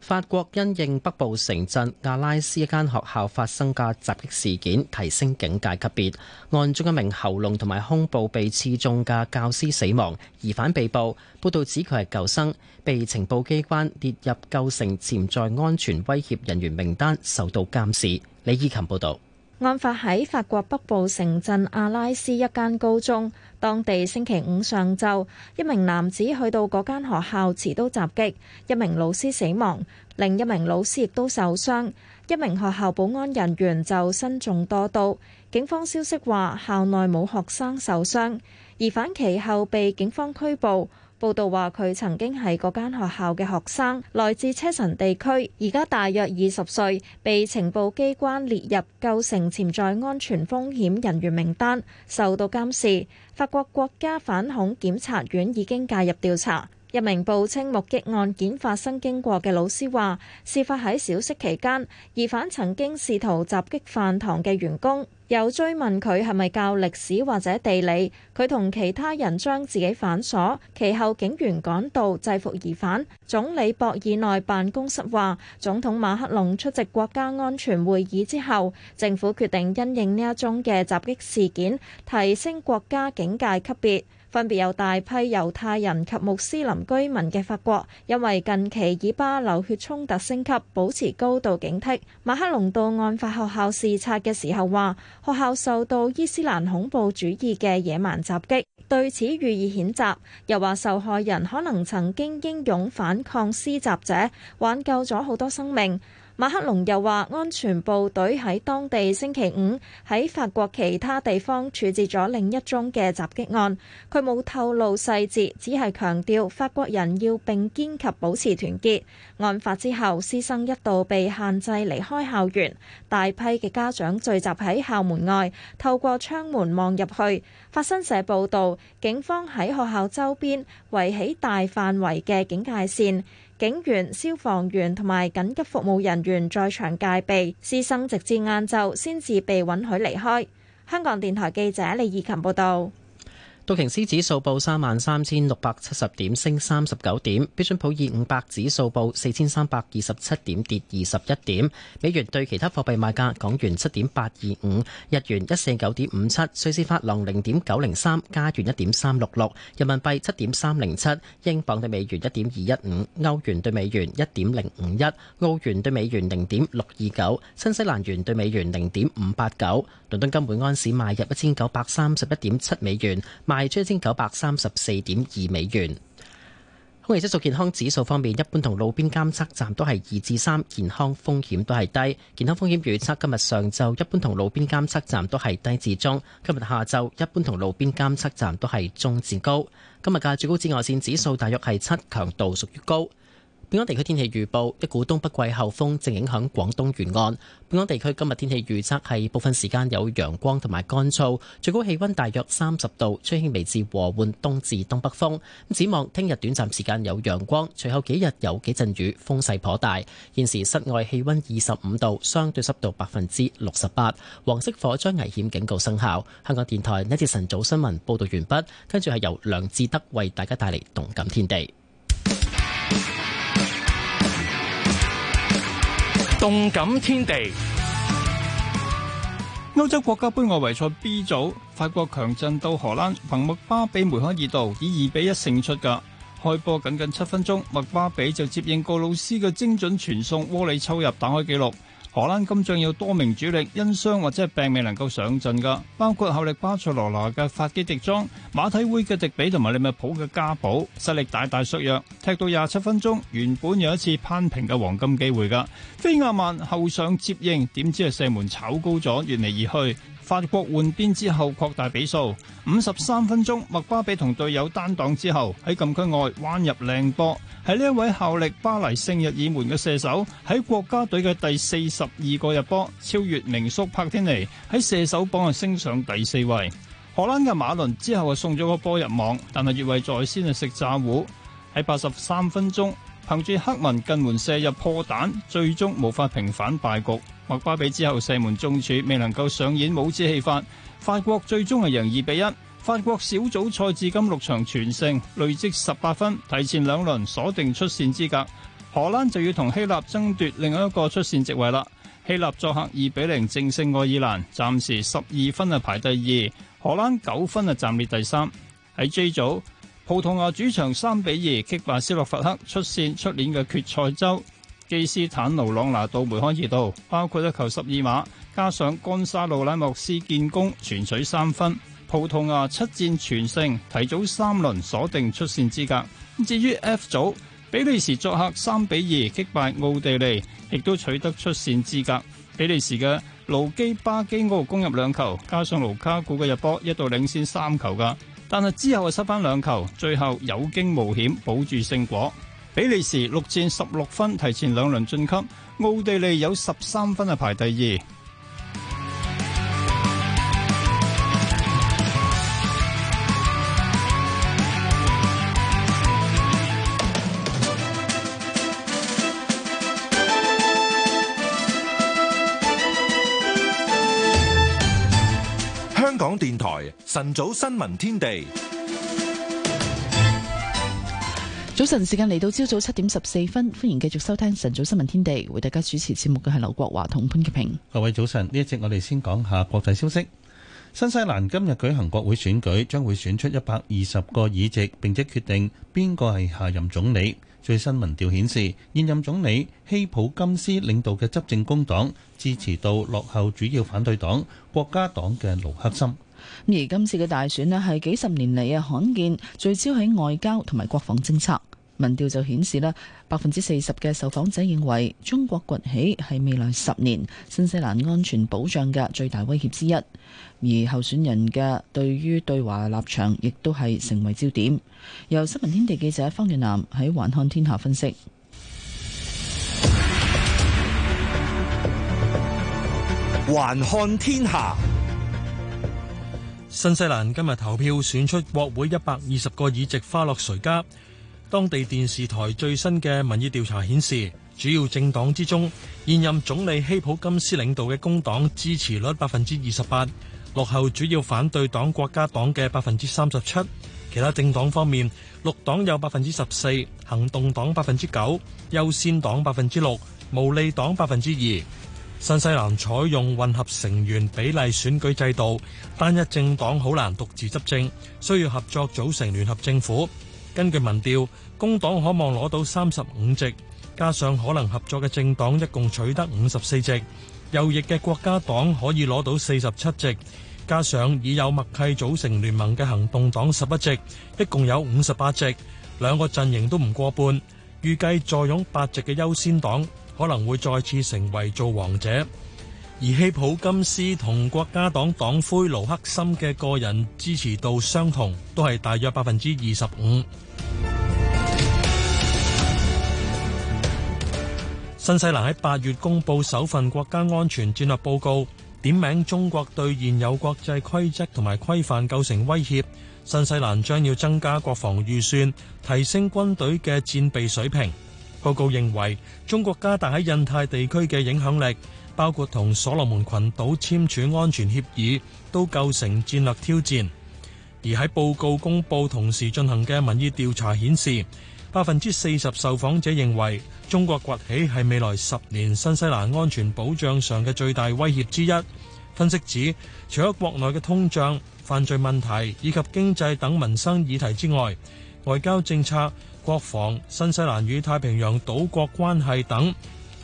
法國因應北部城鎮阿拉斯一間學校發生嘅襲擊事件，提升警戒級別。案中一名喉嚨同埋胸部被刺中嘅教師死亡，疑犯被捕。報道指佢係舊生，被情報機關列入構成潛在安全威脅人員名單，受到監視。李依琴報道。案發喺法國北部城鎮阿拉斯一間高中，當地星期五上晝，一名男子去到嗰間學校持刀襲擊，一名老師死亡，另一名老師亦都受傷，一名學校保安人員就身中多刀。警方消息話，校內冇學生受傷，疑犯其後被警方拘捕。報道話佢曾經係嗰間學校嘅學生，來自車臣地區，而家大約二十歲，被情報機關列入構成潛在安全風險人員名單，受到監視。法國國家反恐檢察院已經介入調查。一名報稱目擊案件發生經過嘅老師話，事發喺小息期間，疑犯曾經試圖襲擊飯堂嘅員工。又追問佢係咪教歷史或者地理，佢同其他人將自己反鎖。其後警員趕到制服疑犯。總理博爾內辦公室話，總統馬克龍出席國家安全會議之後，政府決定因應呢一宗嘅襲擊事件，提升國家警戒級別。分別有大批猶太人及穆斯林居民嘅法國，因為近期以巴流血衝突升級，保持高度警惕。馬克龍到案發學校視察嘅時候話，學校受到伊斯蘭恐怖主義嘅野蠻襲擊，對此予以譴責。又話受害人可能曾經英勇反抗施襲者，挽救咗好多生命。馬克龍又話安全部隊喺當地星期五喺法國其他地方處置咗另一宗嘅襲擊案。佢冇透露細節，只係強調法國人要並肩及保持團結。案發之後師生一度被限制離開校園，大批嘅家長聚集喺校門外，透過窗門望入去。法新社報道，警方喺學校周邊圍起大範圍嘅警戒線。警員、消防員同埋緊急服務人員在場戒備，師生直至晏晝先至被允許離開。香港電台記者李義琴報道。道瓊斯指數報三萬三千六百七十點，升三十九點。標準普爾五百指數報四千三百二十七點，跌二十一點。美元對其他貨幣賣價：港元七點八二五，日元一四九點五七，瑞士法郎零點九零三，加元一點三六六，人民幣七點三零七，英鎊對美元一點二一五，歐元對美元一點零五一，澳元對美元零點六二九，新西蘭元對美元零點五八九。倫敦金每安士賣入一千九百三十一點七美元。係追升九百三十四點二美元。空氣質素健康指數方面，一般同路邊監測站都係二至三，健康風險都係低。健康風險預測，今日上晝一般同路邊監測站都係低至中，今日下晝一般同路邊監測站都係中至高。今日嘅最高紫外線指數大約係七，強度屬於高。本港地區天氣預報：一股東北季候風正影響廣東沿岸。本港地區今日天，天氣預測係部分時間有陽光同埋乾燥，最高氣溫大約三十度，吹輕微至和緩東至東北風。咁展望聽日短暫時間有陽光，隨後幾日有幾陣雨，風勢頗大。現時室外氣溫二十五度，相對濕度百分之六十八，黃色火災危險警告生效。香港電台《呢一節晨早新聞》報道完畢，跟住係由梁志德為大家帶嚟動感天地。動感天地，歐洲國家杯外圍賽 B 組，法國強陣到荷蘭，憑麥巴比梅開二度以二比一勝出。噶開波僅僅七分鐘，麥巴比就接應過老師嘅精準傳送，窩里抽入打開紀錄。荷蘭今仗有多名主力因傷或者係病未能夠上陣㗎，包括後力巴塞羅那嘅法基迪莊、馬體會嘅迪比同埋利物浦嘅加保，實力大大削弱。踢到廿七分鐘，原本有一次攀平嘅黃金機會㗎，菲亞曼後上接應，點知個射門炒高咗，越嚟越虛。法國換邊之後擴大比數，五十三分鐘，麥巴比同隊友單擋之後喺禁區外彎入靚波，係呢一位效力巴黎聖日耳門嘅射手，喺國家隊嘅第四十二個入波，超越名宿帕天尼，喺射手榜係升上第四位。荷蘭嘅馬倫之後係送咗個波入網，但係越位在先係食炸糊，喺八十三分鐘憑住黑文近門射入破蛋，最終無法平反敗局。莫巴比之後射門中柱，未能夠上演帽子戲法。法國最終係贏二比一。法國小組賽至今六場全勝，累積十八分，提前兩輪鎖定出線資格。荷蘭就要同希臘爭奪奪另外一個出線席位啦。希臘作客二比零正勝愛爾蘭，暫時十二分係排第二，荷蘭九分係暫列第三。喺 J 組，葡萄牙主場三比二擊敗斯洛伐克，出線出年嘅決賽周。基斯坦奴朗拿度梅開二度，包括一球十二碼，加上干沙路拉莫斯建功，全取三分。葡萄牙七戰全勝，提早三輪鎖定出線資格。至於 F 組，比利時作客三比二擊敗奧地利，亦都取得出線資格。比利時嘅盧基巴基奧攻入兩球，加上盧卡古嘅入波，一度領先三球噶，但係之後係失翻兩球，最後有驚無險保住勝果。比利時六戰十六分，提前兩輪晉級。奧地利有十三分啊，排第二。香港電台晨早新聞天地。早晨時間嚟到朝早七點十四分，歡迎繼續收聽晨早新聞天地，為大家主持節目嘅係劉國華同潘潔平。各位早晨，呢一節我哋先講下國際消息。新西蘭今日舉行國會選舉，將會選出一百二十個議席，並且決定邊個係下任總理。最新民調顯示，現任總理希普金斯領導嘅執政工黨支持度落後主要反對黨國家黨嘅盧克森。而今次嘅大選咧，係幾十年嚟啊罕見聚焦喺外交同埋國防政策。民調就顯示啦，百分之四十嘅受訪者認為中國崛起係未來十年新西蘭安全保障嘅最大威脅之一。而候選人嘅對於對華立場，亦都係成為焦點。由新聞天地記者方若南喺環看天下分析。環看天下。分析新西蘭今日投票選出國會一百二十個議席花落誰家？當地電視台最新嘅民意調查顯示，主要政黨之中，現任總理希普金斯領導嘅工黨支持率百分之二十八，落後主要反對黨國家黨嘅百分之三十七。其他政黨方面，綠黨有百分之十四，行動黨百分之九，優先黨百分之六，毛利黨百分之二。新西蘭採用混合成員比例選舉制度，單一政黨好難獨自執政，需要合作組成聯合政府。根據民調，工黨可望攞到三十五席，加上可能合作嘅政黨，一共取得五十四席。右翼嘅國家黨可以攞到四十七席，加上已有默契組成聯盟嘅行動黨十一席，一共有五十八席。兩個陣營都唔過半，預計坐擁八席嘅優先黨，可能會再次成為造王者，而希普金斯同國家黨黨魁盧克森嘅個人支持度相同，都係大約百分之二十五。新西蘭喺八月公佈首份國家安全戰略報告，點名中國對現有國際規則同埋規範構成威脅，新西蘭將要增加國防預算，提升軍隊嘅戰備水平。報告認為，中國加大喺印太地區嘅影響力，包括同所羅門群島簽署安全協議，都構成戰略挑戰。而喺報告公佈同時進行嘅民意調查顯示，百分之四十受訪者認為中國崛起係未來十年新西蘭安全保障上嘅最大威脅之一。分析指，除咗國內嘅通脹、犯罪問題以及經濟等民生議題之外，外交政策、國防、新西蘭與太平洋島國關係等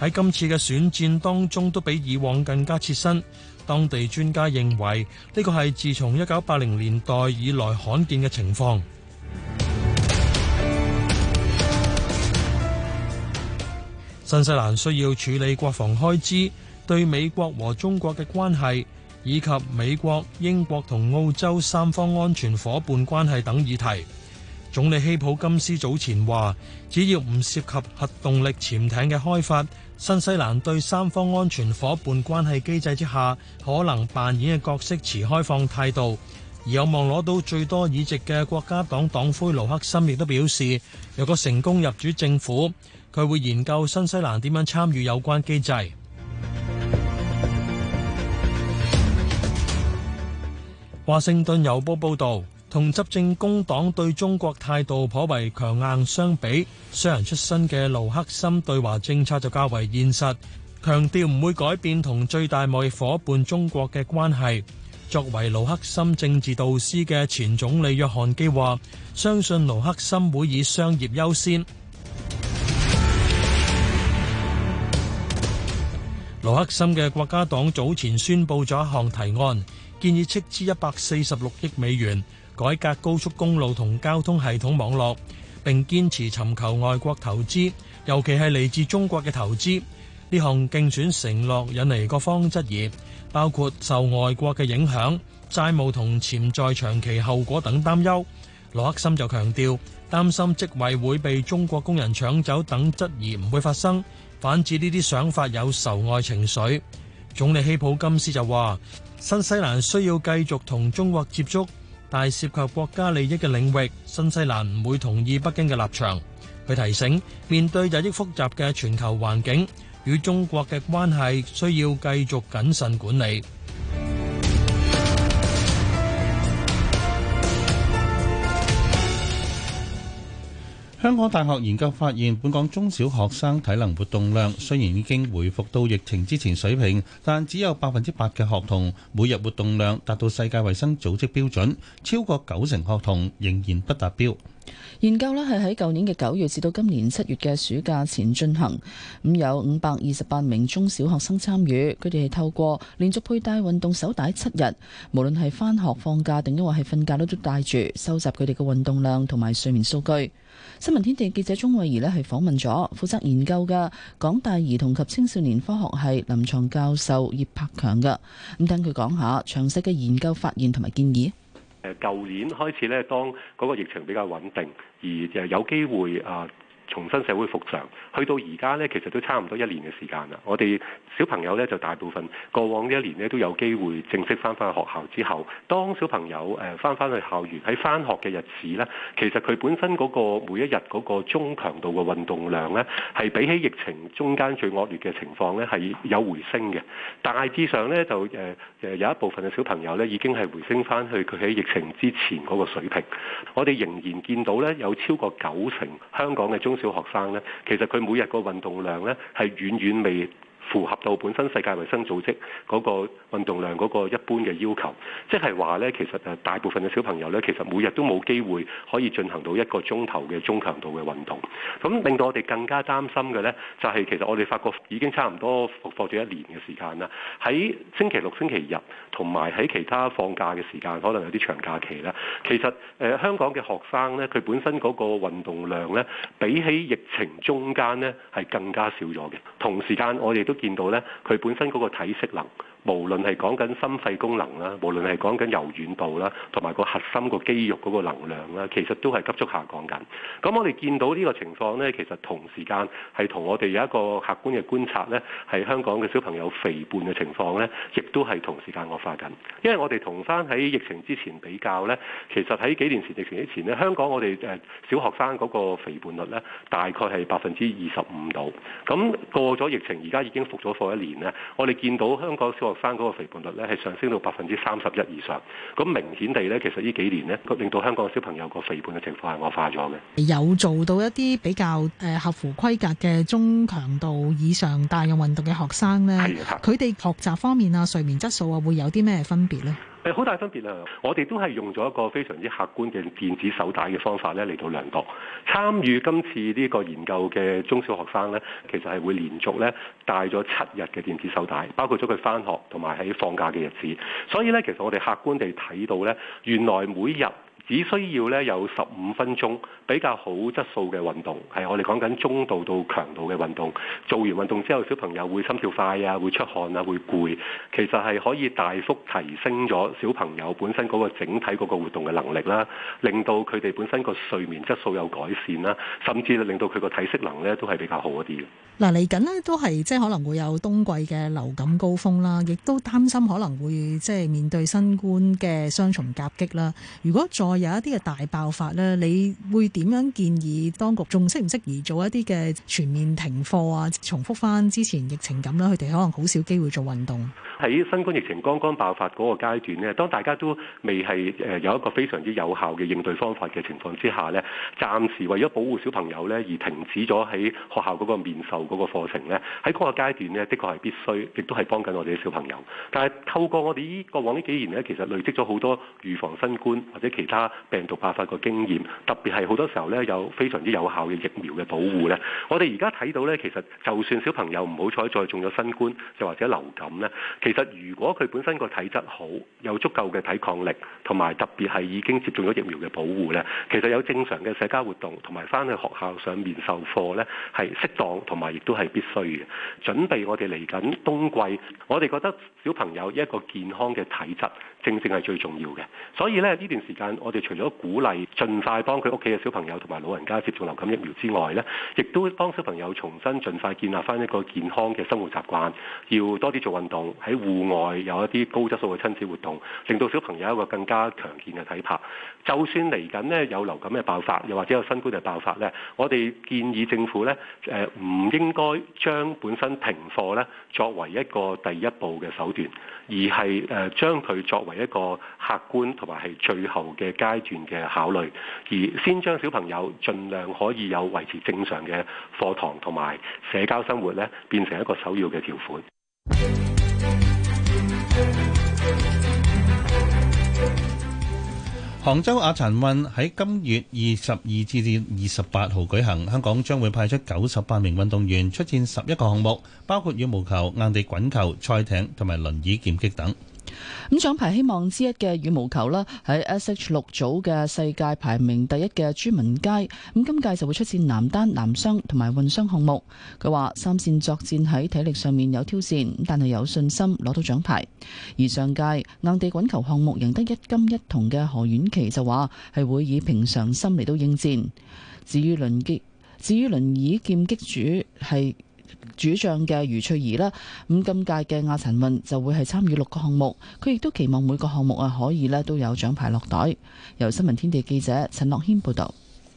喺今次嘅選戰當中，都比以往更加切身。當地專家認為呢個係自從一九八零年代以來罕見嘅情況。新西蘭需要處理國防開支、對美國和中國嘅關係，以及美國、英國同澳洲三方安全夥伴關係等議題。總理希普金斯早前話，只要唔涉及核動力潛艇嘅開發，新西蘭對三方安全夥伴關係機制之下可能扮演嘅角色持開放態度，而有望攞到最多議席嘅國家黨黨魁盧克森亦都表示，若果成功入主政府，佢會研究新西蘭點樣參與有關機制。華盛頓郵報報道。同執政工黨對中國態度頗為強硬相比，商人出身嘅盧克森對華政策就較為現實，強調唔會改變同最大貿易夥伴中國嘅關係。作為盧克森政治導師嘅前總理約翰基話：相信盧克森會以商業優先。盧克森嘅國家黨早前宣布咗一項提案，建議斥資一百四十六億美元。改革高速公路同交通系統網絡，並堅持尋求外國投資，尤其係嚟自中國嘅投資。呢項競選承諾引嚟各方質疑，包括受外國嘅影響、債務同潛在長期後果等擔憂。羅克森就強調，擔心職位會被中國工人搶走等質疑唔會發生，反指呢啲想法有仇外情緒。總理希普金斯就話，新西蘭需要繼續同中國接觸。但涉及國家利益嘅領域，新西蘭唔會同意北京嘅立場。佢提醒，面對日益複雜嘅全球環境，與中國嘅關係需要繼續謹慎管理。香港大學研究發現，本港中小學生體能活動量雖然已經回復到疫情之前水平，但只有百分之八嘅學童每日活動量達到世界衞生組織標準，超過九成學童仍然不達標。研究呢係喺舊年嘅九月至到今年七月嘅暑假前進行，咁有五百二十八名中小學生參與，佢哋係透過連續佩戴運動手帶七日，無論係返學、放假定抑或係瞓覺都都戴住，收集佢哋嘅運動量同埋睡眠數據。新聞天地記者鍾慧儀咧係訪問咗負責研究嘅港大兒童及青少年科學系臨床教授葉柏強嘅，咁聽佢講下詳細嘅研究發現同埋建議。誒，舊年開始咧，當嗰個疫情比較穩定，而誒有機會啊，重新社會復常。去到而家呢，其實都差唔多一年嘅時間啦。我哋小朋友呢，就大部分過往呢一年呢，都有機會正式翻返去學校之後，當小朋友誒翻返去校園，喺翻學嘅日子呢，其實佢本身嗰個每一日嗰個中強度嘅運動量呢，係比起疫情中間最惡劣嘅情況呢，係有回升嘅。大致上呢，就誒有一部分嘅小朋友呢，已經係回升翻去佢喺疫情之前嗰個水平。我哋仍然見到呢，有超過九成香港嘅中小學生呢，其實佢每日個運動量咧係遠遠未。符合到本身世界衛生組織嗰個運動量嗰個一般嘅要求，即係話咧，其實誒大部分嘅小朋友咧，其實每日都冇機會可以進行到一個鐘頭嘅中強度嘅運動，咁令到我哋更加擔心嘅咧，就係、是、其實我哋發覺已經差唔多復課咗一年嘅時間啦。喺星期六、星期日，同埋喺其他放假嘅時間，可能有啲長假期啦。其實誒、呃、香港嘅學生咧，佢本身嗰個運動量咧，比起疫情中間咧，係更加少咗嘅。同時間我哋都見到呢，佢本身嗰個體適能，無論係講緊心肺功能啦，無論係講緊柔軟度啦，同埋個核心個肌肉嗰個能量啦，其實都係急速下降緊。咁我哋見到呢個情況呢，其實同時間係同我哋有一個客觀嘅觀察呢，係香港嘅小朋友肥胖嘅情況呢，亦都係同時間惡化緊。因為我哋同翻喺疫情之前比較呢，其實喺幾年前疫情之前呢，香港我哋誒小學生嗰個肥胖率呢，大概係百分之二十五度。咁過咗疫情，而家已經，復咗課一年呢，我哋見到香港小學生嗰個肥胖率呢係上升到百分之三十一以上。咁明顯地呢，其實呢幾年呢，令到香港小朋友個肥胖嘅情況係惡化咗嘅。有做到一啲比較誒合乎規格嘅中強度以上大量運動嘅學生呢，佢哋的學習方面啊、睡眠質素啊，會有啲咩分別呢？係好大分別啊！我哋都係用咗一個非常之客觀嘅電子手帶嘅方法咧嚟到量度。參與今次呢個研究嘅中小學生咧，其實係會連續咧戴咗七日嘅電子手帶，包括咗佢返學同埋喺放假嘅日子。所以咧，其實我哋客觀地睇到咧，原來每日，只需要呢，有十五分鐘比較好質素嘅運動，係我哋講緊中度到強度嘅運動。做完運動之後，小朋友會心跳快啊，會出汗啊，會攰。其實係可以大幅提升咗小朋友本身嗰個整體嗰個活動嘅能力啦，令到佢哋本身個睡眠質素有改善啦，甚至令到佢個體適能呢都係比較好一啲嘅。嗱，嚟緊呢都係即係可能會有冬季嘅流感高峰啦，亦都擔心可能會即係面對新冠嘅雙重夾擊啦。如果再有一啲嘅大爆發咧，你會點樣建議當局？仲適唔適宜做一啲嘅全面停課啊？重複翻之前疫情咁啦，佢哋可能好少機會做運動。喺新冠疫情剛剛爆發嗰個階段咧，當大家都未係誒有一個非常之有效嘅應對方法嘅情況之下咧，暫時為咗保護小朋友咧而停止咗喺學校嗰個面授嗰個課程咧，喺嗰個階段咧，的確係必須，亦都係幫緊我哋啲小朋友。但係透過我哋依過往呢幾年咧，其實累積咗好多預防新冠或者其他病毒爆發個經驗，特別係好多時候咧，有非常之有效嘅疫苗嘅保護咧。我哋而家睇到咧，其實就算小朋友唔好彩再中咗新冠，又或者流感咧。其實，如果佢本身個體質好，有足夠嘅抵抗力，同埋特別係已經接種咗疫苗嘅保護咧，其實有正常嘅社交活動，同埋翻去學校上面授課咧，係適當，同埋亦都係必須嘅。準備我哋嚟緊冬季，我哋覺得小朋友一個健康嘅體質，正正係最重要嘅，所以咧，呢段時間我哋除咗鼓勵盡快幫佢屋企嘅小朋友同埋老人家接種流感疫苗之外咧，亦都幫小朋友重新盡快建立翻一個健康嘅生活習慣，要多啲做運動，喺戶外有一啲高質素嘅親子活動，令到小朋友一個更加強健嘅體魄。就算嚟緊咧有流感嘅爆發，又或者有新冠嘅爆發咧，我哋建議政府咧誒，唔應該將本身停課咧作為一個第一步嘅手段，而係誒將佢作為。一個客觀同埋係最後嘅階段嘅考慮，而先將小朋友盡量可以有維持正常嘅課堂同埋社交生活咧，變成一個首要嘅條款。杭州亞殘運喺今月二十二至至二十八號舉行，香港將會派出九十八名運動員出戰十一個項目，包括羽毛球、硬地滾球、賽艇同埋輪椅劍擊等。咁獎牌希望之一嘅羽毛球啦，喺 SH 六組嘅世界排名第一嘅朱文佳，咁今屆就會出戰男單、男雙同埋混雙項目。佢話三線作戰喺體力上面有挑戰，但係有信心攞到獎牌。而上屆硬地滾球項目贏得一金一銅嘅何婉琪就話係會以平常心嚟到應戰。至於輪擊，至於輪椅劍擊主係。主將嘅余翠怡啦，咁今屆嘅亞殘運就會係參與六個項目。佢亦都期望每個項目啊可以咧都有獎牌落袋。由新聞天地記者陳樂軒報道，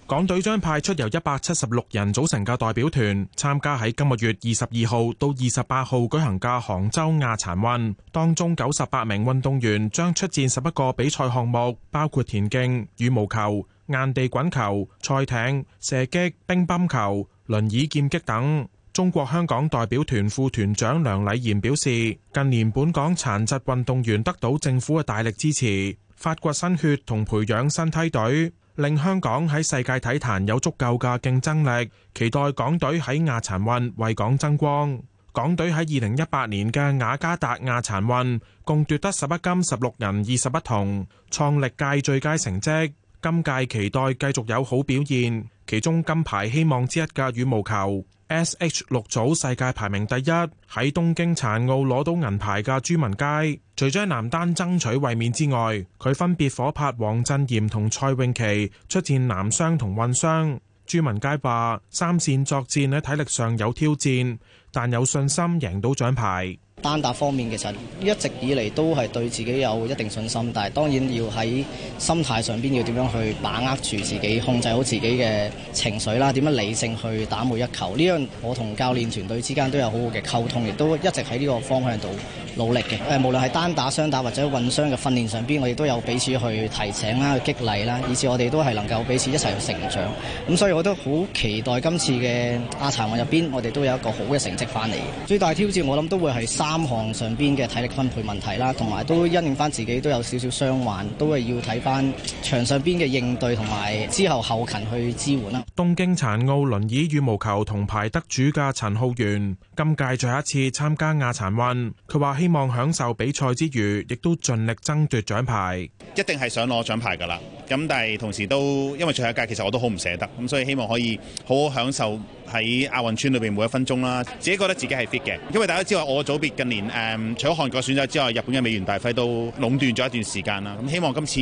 港隊將派出由一百七十六人組成嘅代表團參加喺今個月二十二號到二十八號舉行嘅杭州亞殘運。當中九十八名運動員將出戰十一個比賽項目，包括田徑、羽毛球、硬地滾球、賽艇、射擊、乒乓球、輪椅劍擊等。中國香港代表團副團長梁禮賢表示，近年本港殘疾運動員得到政府嘅大力支持，發掘新血同培養新梯隊，令香港喺世界體壇有足夠嘅競爭力，期待港隊喺亞殘運為港爭光。港隊喺二零一八年嘅雅加達亞殘運共奪得十一金、十六銀、二十不同，創歷屆最佳成績。今屆期待繼續有好表現，其中金牌希望之一嘅羽毛球，S.H. 六組世界排名第一喺東京殘奧攞到銀牌嘅朱文佳，除咗男單爭取衛冕之外，佢分別火拍王振言同蔡泳琪出戰男雙同混雙。朱文佳話：三線作戰喺體力上有挑戰，但有信心贏到獎牌。單打方面，其實一直以嚟都係對自己有一定信心，但係當然要喺心態上邊要點樣去把握住自己，控制好自己嘅情緒啦，點樣理性去打每一球。呢樣我同教練團隊之間都有好好嘅溝通，亦都一直喺呢個方向度努力嘅。誒，無論係單打、雙打或者混雙嘅訓練上邊，我哋都有彼此去提醒啦、去激勵啦，以至我哋都係能夠彼此一齊去成長。咁所以，我都好期待今次嘅亞殘運入邊，我哋都有一個好嘅成績翻嚟。最大挑戰，我諗都會係三項上邊嘅體力分配問題啦，同埋都因應返自己都有少少傷患，都係要睇返場上邊嘅應對同埋之後後勤去支援啦。東京殘奧輪椅羽毛球銅牌得主嘅陳浩源，今屆最後一次參加亞殘運，佢話希望享受比賽之餘，亦都盡力爭奪獎牌，一定係想攞獎牌㗎啦。咁但係同時都因為最後一屆，其實我都好唔捨得，咁所以希望可以好好享受。喺亞運村裏邊每一分鐘啦，自己覺得自己係 fit 嘅，因為大家知道我組別近年誒，除咗韓國選手之外，日本嘅美元大輝都壟斷咗一段時間啦。咁希望今次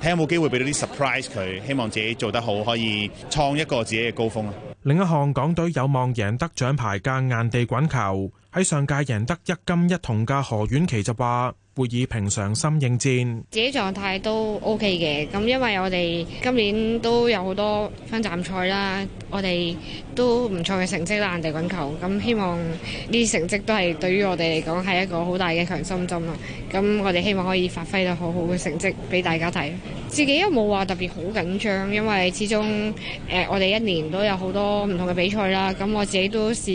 睇有冇機會俾到啲 surprise 佢，希望自己做得好，可以創一個自己嘅高峰啊。另一項港隊有望贏得獎牌嘅硬地滾球，喺上屆贏得一金一銅嘅何婉琪就話。會以平常心應戰，自己狀態都 OK 嘅。咁因為我哋今年都有好多分站賽啦，我哋都唔錯嘅成績啦，硬地滾球。咁希望呢啲成績都係對於我哋嚟講係一個好大嘅強心針啦。咁我哋希望可以發揮到好好嘅成績俾大家睇。自己又冇話特別好緊張，因為始終誒我哋一年都有好多唔同嘅比賽啦。咁我自己都是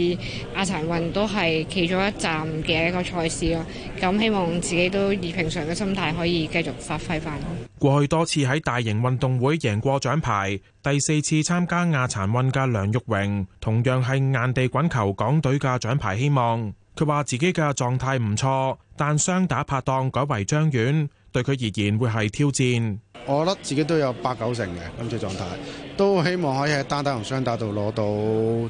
亞殘運都係其中一站嘅一個賽事咯。咁希望自己。都以平常嘅心態可以繼續發揮翻。過去多次喺大型運動會贏過獎牌，第四次參加亞殘運嘅梁玉榮同樣係硬地滾球港隊嘅獎牌希望。佢話自己嘅狀態唔錯，但雙打拍檔改為張遠。對佢而言會係挑戰，我覺得自己都有八九成嘅，今次狀態，都希望可以喺單打同雙打度攞到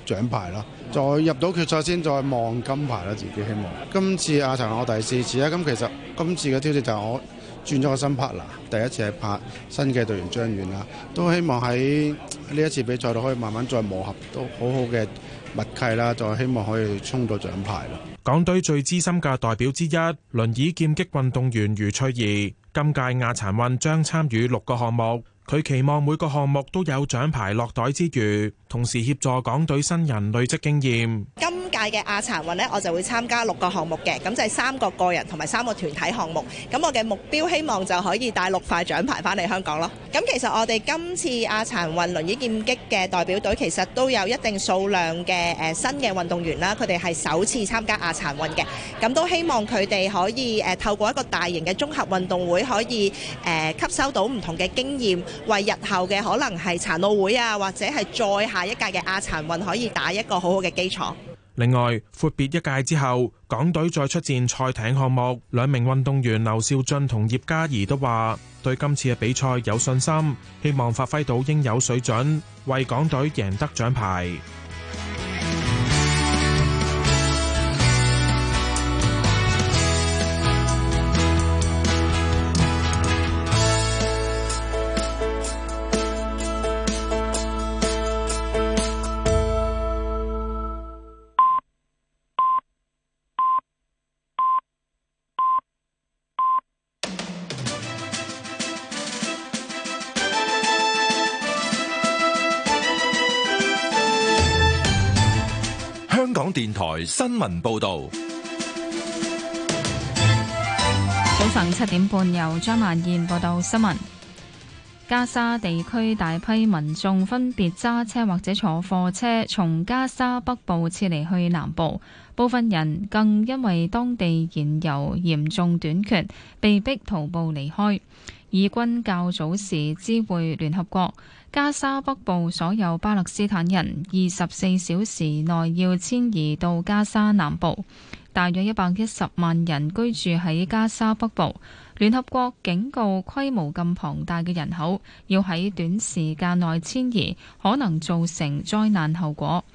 獎牌啦，再入到決賽先再望金牌啦，自己希望。今次阿陳我第四次啦，咁其實今次嘅挑戰就係我轉咗個新拍啦，第一次係拍新嘅隊員張遠啦，都希望喺呢一次比賽度可以慢慢再磨合，都好好嘅默契啦，再希望可以衝到獎牌咯。港隊最資深嘅代表之一、輪椅劍擊運動員余翠怡，今屆亞殘運將參與六個項目，佢期望每個項目都有獎牌落袋之餘。同時協助港隊新人累積經驗。今屆嘅亞殘運呢，我就會參加六個項目嘅，咁就係三個個人同埋三個團體項目。咁我嘅目標希望就可以帶六塊獎牌翻嚟香港咯。咁其實我哋今次亞殘運輪椅劍擊嘅代表隊其實都有一定數量嘅誒新嘅運動員啦，佢哋係首次參加亞殘運嘅。咁都希望佢哋可以誒透過一個大型嘅綜合運動會，可以誒、呃、吸收到唔同嘅經驗，為日後嘅可能係殘奧會啊，或者係再下，下一屆嘅亞殘運可以打一個好好嘅基礎。另外，闊別一屆之後，港隊再出戰賽艇項目，兩名運動員劉少俊同葉嘉怡都話對今次嘅比賽有信心，希望發揮到應有水準，為港隊贏得獎牌。新聞報道。早上七點半，由張曼燕報道新聞。加沙地區大批民眾分別揸車或者坐貨車從加沙北部撤離去南部，部分人更因為當地燃油嚴重短缺，被逼徒步離開。以軍較早時知會聯合國。加沙北部所有巴勒斯坦人二十四小時內要遷移到加沙南部，大約一百一十萬人居住喺加沙北部。聯合國警告，規模咁龐大嘅人口要喺短時間內遷移，可能造成災難後果。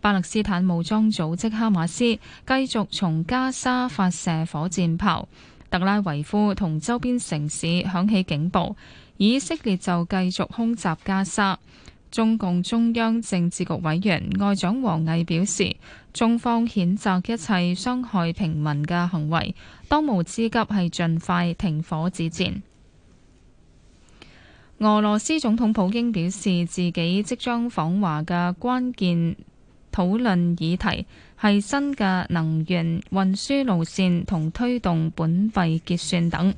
巴勒斯坦武裝組織哈馬斯繼續從加沙發射火箭炮，特拉維夫同周邊城市響起警報。以色列就繼續空襲加沙。中共中央政治局委員、外長王毅表示，中方譴責一切傷害平民嘅行為，當務之急係盡快停火止戰。俄羅斯總統普京表示，自己即將訪華嘅關鍵討論議題係新嘅能源運輸路線同推動本幣結算等。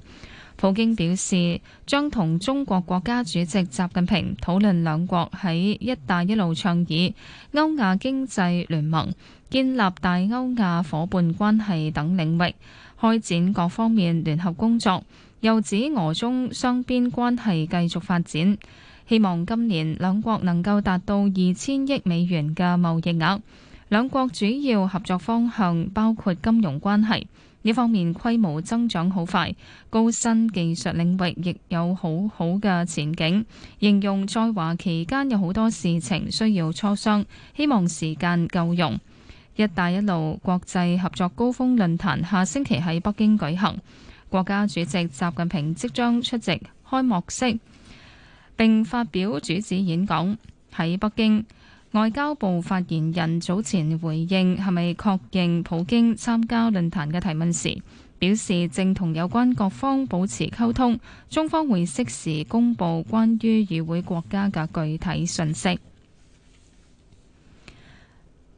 普京表示，將同中國國家主席習近平討論兩國喺「一帶一路」倡議、歐亞經濟聯盟、建立大歐亞夥伴關係等領域開展各方面聯合工作。又指俄中雙邊關係繼續發展，希望今年兩國能夠達到二千億美元嘅貿易額，兩國主要合作方向包括金融關係。呢方面規模增長好快，高新技術領域亦有好好嘅前景。形容在華期間有好多事情需要磋商，希望時間夠用。「一帶一路」國際合作高峰論壇下星期喺北京舉行，國家主席習近平即將出席開幕式並發表主旨演講，喺北京。外交部發言人早前回應，係咪確認普京參加論壇嘅提問時，表示正同有關各方保持溝通，中方會適時公布關於與會國家嘅具體信息。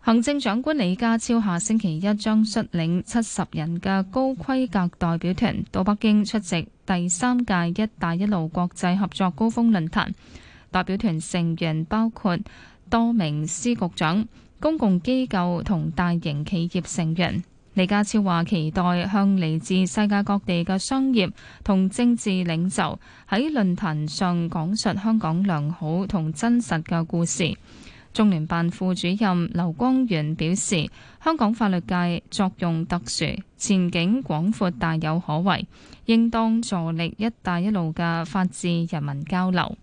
行政長官李家超下星期一將率領七十人嘅高規格代表團到北京出席第三屆「一帶一路」國際合作高峰論壇，代表團成員包括。多名司局長、公共機構同大型企業成員，李家超話期待向嚟自世界各地嘅商業同政治領袖喺論壇上講述香港良好同真實嘅故事。中聯辦副主任劉光源表示，香港法律界作用特殊，前景廣闊，大有可為，應當助力「一帶一路」嘅法治人民交流。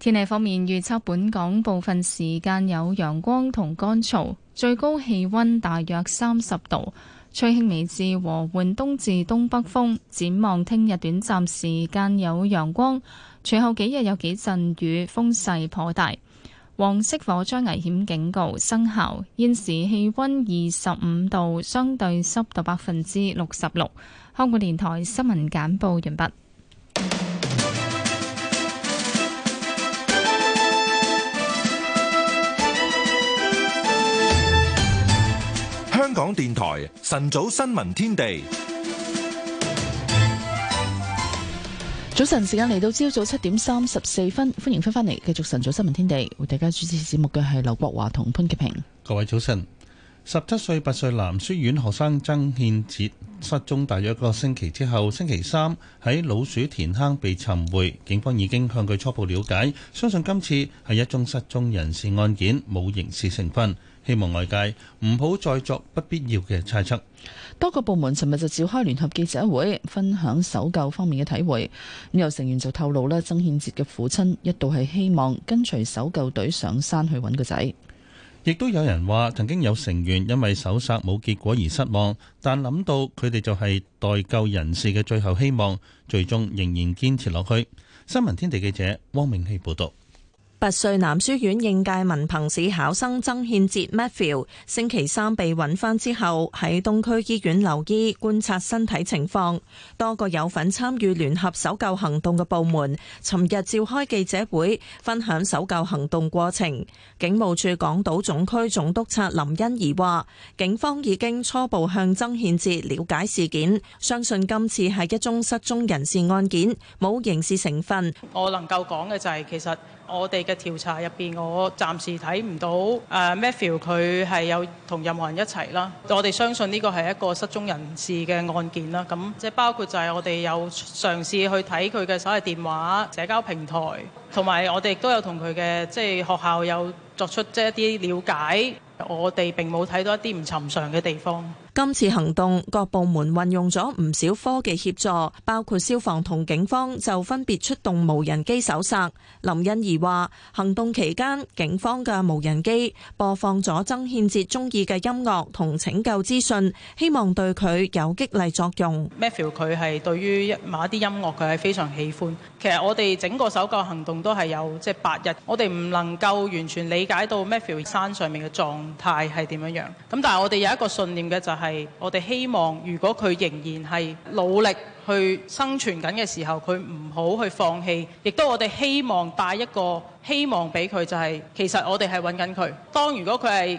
天氣方面預測，本港部分時間有陽光同乾燥，最高氣溫大約三十度，吹輕微至和緩東至東北風。展望聽日短暫時間有陽光，隨後幾日有幾陣雨，風勢頗大。黃色火災危險警告生效。現時氣溫二十五度，相對濕度百分之六十六。香港電台新聞簡報完畢。香港電台晨早新聞天地，早晨時間嚟到朝早七點三十四分，歡迎翻返嚟繼續晨早新聞天地，為大家主持節目嘅係劉國華同潘潔平。各位早晨！十七歲八歲男書院學生曾憲哲失蹤大約一個星期之後，星期三喺老鼠田坑被尋回，警方已經向佢初步了解，相信今次係一宗失蹤人士案件，冇刑事成分。希望外界唔好再作不必要嘅猜測。多個部門，尋日就召開聯合記者會，分享搜救方面嘅體會。咁有成員就透露咧，曾憲哲嘅父親一度係希望跟隨搜救隊上山去揾個仔。亦都有人話，曾經有成員因為搜殺冇結果而失望，但諗到佢哋就係代救人士嘅最後希望，最終仍然堅持落去。新聞天地記者汪明熙報道。拔萃男書院應屆文憑試考生曾憲哲 Matthew 星期三被揾翻之後，喺東區醫院留醫觀察身體情況。多個有份參與聯合搜救行動嘅部門，尋日召開記者會，分享搜救行動過程。警務處港島總區總督察林欣怡話：警方已經初步向曾憲哲了解事件，相信今次係一宗失蹤人士案件，冇刑事成分。我能夠講嘅就係，其實。我哋嘅調查入邊，我暫時睇唔到誒、呃、Matthew 佢係有同任何人一齊啦。我哋相信呢個係一個失蹤人士嘅案件啦。咁即係包括就係我哋有嘗試去睇佢嘅手提電話、社交平台，同埋我哋都有同佢嘅即係學校有作出即一啲了解。我哋並冇睇到一啲唔尋常嘅地方。今次行動各部門運用咗唔少科技協助，包括消防同警方就分別出動無人機搜索。林欣怡話行動期間警方嘅無人機播放咗曾憲哲中意嘅音樂同拯救資訊，希望對佢有激勵作用。Matthew 佢係對於某一啲音樂佢係非常喜歡，其實我哋整個搜救行動都係有即係八日，我哋唔能夠完全理解到 Matthew 山上面嘅狀態係點樣樣，咁但係我哋有一個信念嘅，就係、是。係我哋希望，如果佢仍然係努力去生存緊嘅時候，佢唔好去放棄。亦都我哋希望帶一個希望俾佢，就是，就係其實我哋係揾緊佢。當如果佢係。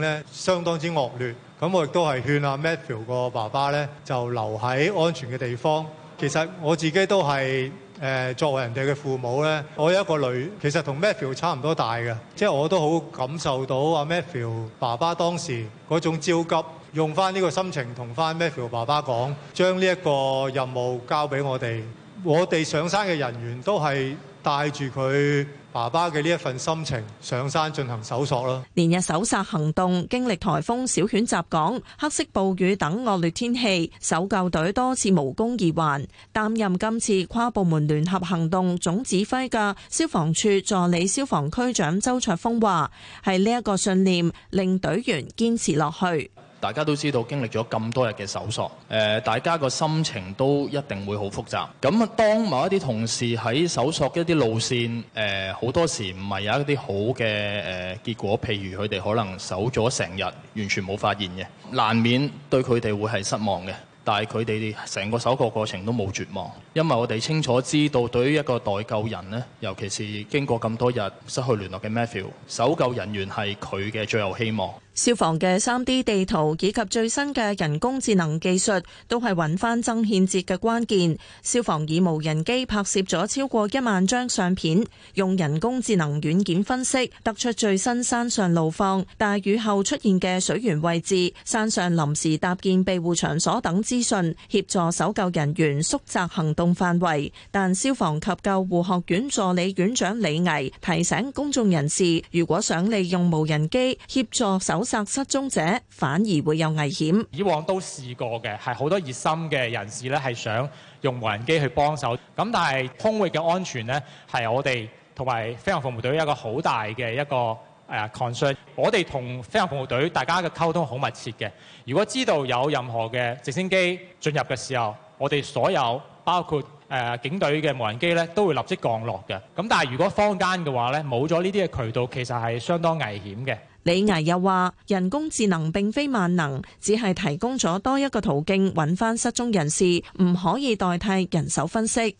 咧相當之惡劣，咁我亦都係勸阿 Matthew 個爸爸咧就留喺安全嘅地方。其實我自己都係誒作為人哋嘅父母咧，我有一個女，其實同 Matthew 差唔多大嘅，即係我都好感受到阿 Matthew 爸爸當時嗰種焦急，用翻呢個心情同翻 Matthew 爸爸講，將呢一個任務交俾我哋，我哋上山嘅人員都係帶住佢爸爸嘅呢一份心情，上山進行搜索咯，連日搜索行動經歷台風小犬襲港，黑色暴雨等惡劣天氣，搜救隊多次無功而還。擔任今次跨部門聯合行動總指揮嘅消防處助理消防區長周卓峰話，係呢一個信念令隊員堅持落去。大家都知道經歷咗咁多日嘅搜索，誒、呃，大家個心情都一定會好複雜。咁啊，當某一啲同事喺搜索一啲路線，誒、呃，好多時唔係有一啲好嘅誒、呃、結果，譬如佢哋可能搜咗成日，完全冇發現嘅，難免對佢哋會係失望嘅。但係佢哋成個搜索過程都冇絕望，因為我哋清楚知道，對於一個待救人咧，尤其是經過咁多日失去聯絡嘅 Matthew，搜救人員係佢嘅最後希望。消防嘅三 d 地圖以及最新嘅人工智能技術都係揾翻曾憲哲嘅關鍵。消防以無人機拍攝咗超過一萬張相片，用人工智能軟件分析，得出最新山上路況、大雨後出現嘅水源位置、山上臨時搭建庇護場所等資訊，協助搜救人員縮窄行動範圍。但消防及救護學院助理院長李毅提醒公眾人士，如果想利用無人機協助搜，找失蹤者反而會有危險。以往都試過嘅，係好多熱心嘅人士咧，係想用無人機去幫手。咁但係空域嘅安全咧，係我哋同埋飛行服務隊一個好大嘅一個誒 concern。我哋同飛行服務隊大家嘅溝通好密切嘅。如果知道有任何嘅直升機進入嘅時候，我哋所有包括誒警隊嘅無人機咧，都會立即降落嘅。咁但係如果坊間嘅話咧，冇咗呢啲嘅渠道，其實，係相當危險嘅。李毅又話：人工智能並非萬能，只係提供咗多一個途徑揾翻失蹤人士，唔可以代替人手分析。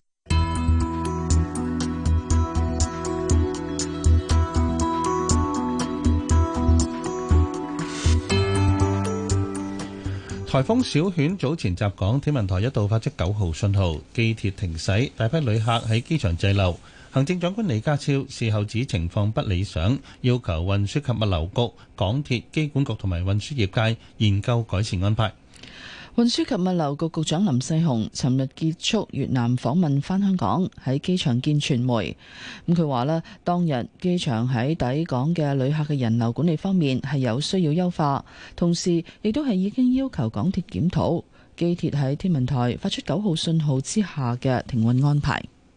颱風小犬早前襲港，天文台一度發出九號信號，機鐵停駛，大批旅客喺機場滯留。行政長官李家超事後指情況不理想，要求運輸及物流局、港鐵、機管局同埋運輸業界研究改善安排。運輸及物流局局長林世雄尋日結束越南訪問翻香港，喺機場見傳媒。咁佢話啦，當日機場喺抵港嘅旅客嘅人流管理方面係有需要優化，同時亦都係已經要求港鐵檢討機鐵喺天文台發出九號信號之下嘅停運安排。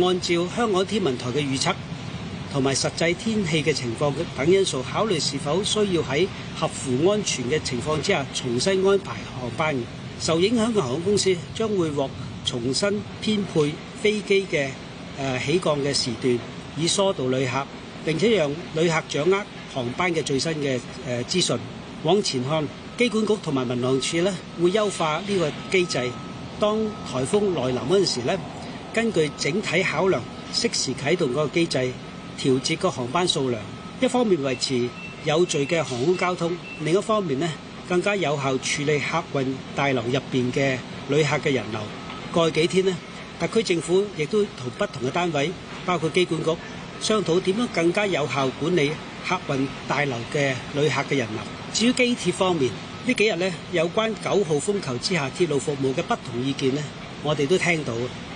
按照香港天文台嘅預測同埋實際天氣嘅情況等因素，考慮是否需要喺合乎安全嘅情況之下重新安排航班。受影響嘅航空公司將會獲重新編配飛機嘅誒、呃、起降嘅時段，以疏導旅客，並且讓旅客掌握航班嘅最新嘅誒、呃、資訊。往前看，機管局同埋民航處咧會優化呢個機制，當台風來臨嗰陣時咧。根據整體考量，適時啟動個機制，調節個航班數量。一方面維持有序嘅航空交通，另一方面咧更加有效處理客運大樓入邊嘅旅客嘅人流。過幾天咧，特區政府亦都同不同嘅單位，包括機管局，商討點樣更加有效管理客運大樓嘅旅客嘅人流。至於機鐵方面，呢幾日咧有關九號風球之下鐵路服務嘅不同意見咧，我哋都聽到。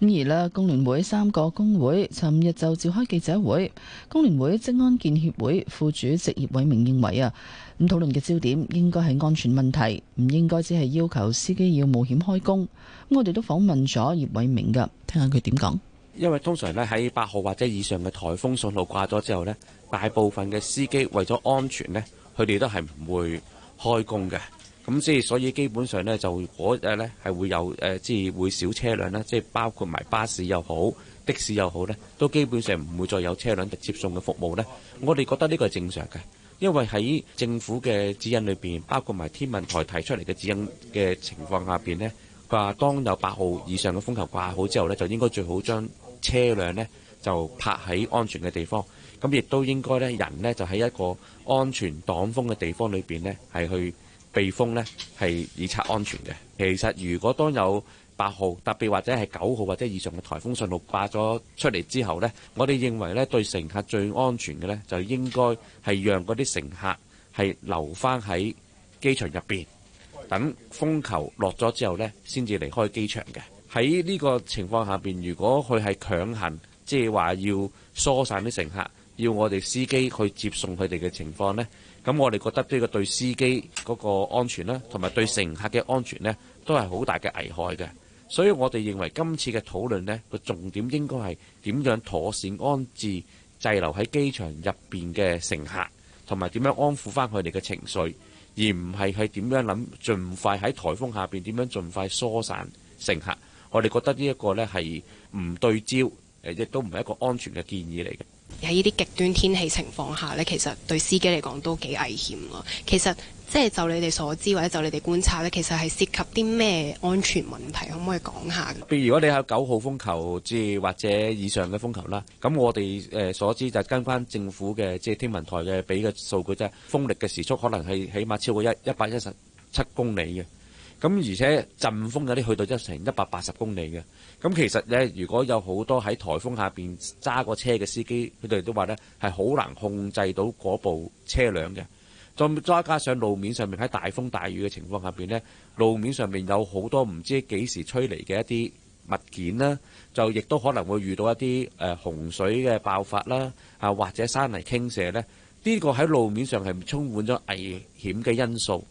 咁而呢，工聯會三個工會尋日就召開記者會。工聯會職安健協會副主席葉偉明認為啊，咁討論嘅焦點應該係安全問題，唔應該只係要求司機要冒險開工。我哋都訪問咗葉偉明噶，聽下佢點講。因為通常呢，喺八號或者以上嘅颱風信號掛咗之後呢，大部分嘅司機為咗安全呢，佢哋都係唔會開工嘅。咁即係，所以基本上呢，就嗰隻日咧係會有誒，即、呃、係會少車輛啦，即係包括埋巴士又好、的士又好呢，都基本上唔會再有車輛直接送嘅服務呢。我哋覺得呢個係正常嘅，因為喺政府嘅指引裏邊，包括埋天文台提出嚟嘅指引嘅情況下邊呢，佢話當有八號以上嘅風球掛好之後呢，就應該最好將車輛呢就泊喺安全嘅地方。咁亦都應該呢，人呢就喺一個安全擋風嘅地方裏邊呢，係去。避風呢係以策安全嘅。其實如果當有八號，特別或者係九號或者以上嘅颱風信號掛咗出嚟之後呢，我哋認為呢對乘客最安全嘅呢，就應該係讓嗰啲乘客係留翻喺機場入邊，等風球落咗之後呢，先至離開機場嘅。喺呢個情況下邊，如果佢係強行，即係話要疏散啲乘客，要我哋司機去接送佢哋嘅情況呢。咁我哋覺得呢個對司機嗰個安全啦，同埋對乘客嘅安全呢，都係好大嘅危害嘅。所以我哋認為今次嘅討論呢，個重點應該係點樣妥善安置滯留喺機場入邊嘅乘客，同埋點樣安撫翻佢哋嘅情緒，而唔係係點樣諗盡快喺颱風下邊點樣盡快疏散乘客。我哋覺得呢一個呢係唔對焦，亦都唔係一個安全嘅建議嚟嘅。喺呢啲極端天氣情況下呢，其實對司機嚟講都幾危險咯。其實即係、就是、就你哋所知，或者就你哋觀察呢，其實係涉及啲咩安全問題？可唔可以講下？譬如如果你喺九號風球，即係或者以上嘅風球啦，咁我哋誒所知就跟翻政府嘅即係天文台嘅俾嘅數據，即係風力嘅時速可能係起碼超過一一百一十七公里嘅。咁而且陣風有啲去到一成一百八十公里嘅，咁其實呢，如果有好多喺颱風下邊揸過車嘅司機，佢哋都話呢係好難控制到嗰部車輛嘅。再加上路面上面喺大風大雨嘅情況下邊呢，路面上面有好多唔知幾時吹嚟嘅一啲物件啦，就亦都可能會遇到一啲誒洪水嘅爆發啦，啊或者山泥傾瀉呢。呢、呢個喺路面上係充滿咗危險嘅因素。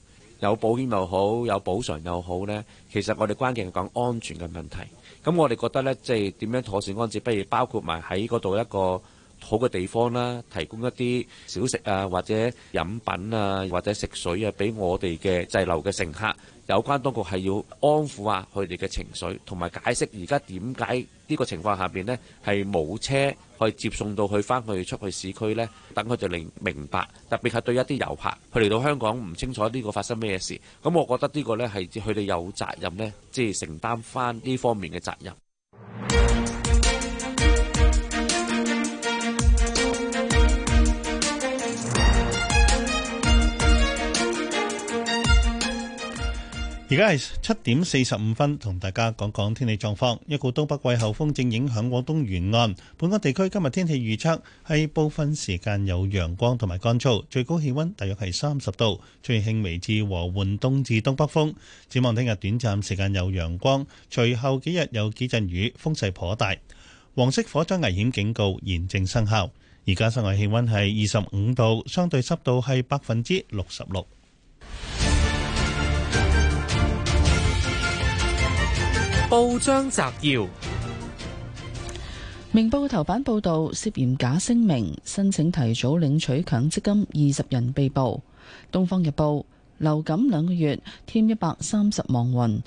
有保險又好，有補償又好呢，其實我哋關鍵係講安全嘅問題。咁我哋覺得呢，即係點樣妥善安置，不如包括埋喺嗰度一個好嘅地方啦，提供一啲小食啊，或者飲品啊，或者食水啊，俾我哋嘅滯留嘅乘客。有關當局係要安撫下佢哋嘅情緒，同埋解釋而家點解呢個情況下邊呢係冇車去接送到佢翻去出去市區呢。等佢哋明明白，特別係對一啲遊客，佢嚟到香港唔清楚呢個發生咩事，咁我覺得呢個呢係佢哋有責任呢，即係承擔翻呢方面嘅責任。而家係七點四十五分，同大家講講天氣狀況。一股東北季候風正影響廣東沿岸，本港地區今日天氣預測係部分時間有陽光同埋乾燥，最高氣溫大約係三十度，吹輕微至和緩東至東北風。展望聽日短暫時間有陽光，隨後幾日有幾陣雨，風勢頗大。黃色火災危險警告現正生效。而家室外氣溫係二十五度，相對濕度係百分之六十六。報章摘要：明報頭版報道涉嫌假聲明申請提早領取強積金二十人被捕。東方日報：流感兩個月添一百三十亡魂，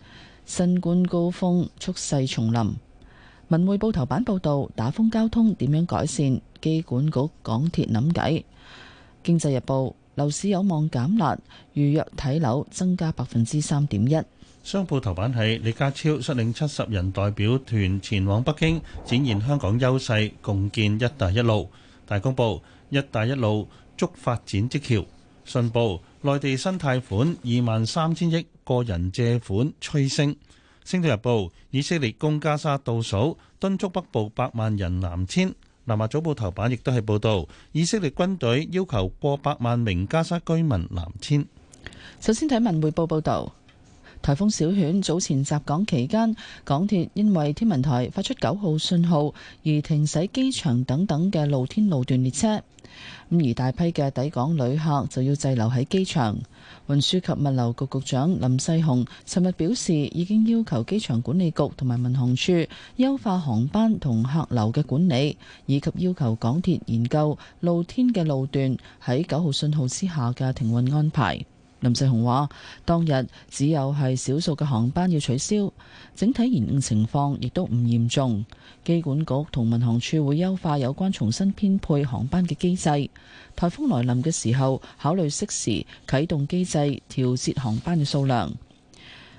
新冠高峰蓄勢重臨。文匯報頭版報道打風交通點樣改善？機管局港鐵諗計。經濟日報：樓市有望減辣，預約睇樓增加百分之三點一。商報頭版係李家超率領七十人代表團前往北京，展現香港優勢，共建「一帶一路」。大公報：「一帶一路」築發展之橋。信報：內地新貸款二萬三千億，個人借款趨升。星島日報：以色列攻加沙倒數，敦促北部百萬人南遷。南華早報頭版亦都係報導，以色列軍隊要求過百萬名加沙居民南遷。首先睇文匯報報導。颱風小犬早前襲港期間，港鐵因為天文台發出九號信號而停駛機場等等嘅露天路段列車，咁而大批嘅抵港旅客就要滯留喺機場。運輸及物流局局長林世雄尋日表示，已經要求機場管理局同埋民航處優化航班同客流嘅管理，以及要求港鐵研究露天嘅路段喺九號信號之下嘅停運安排。林世雄話：當日只有係少數嘅航班要取消，整體延誤情況亦都唔嚴重。機管局同民航處會優化有關重新編配航班嘅機制。颱風來臨嘅時候，考慮適時啟動機制，調節航班嘅數量。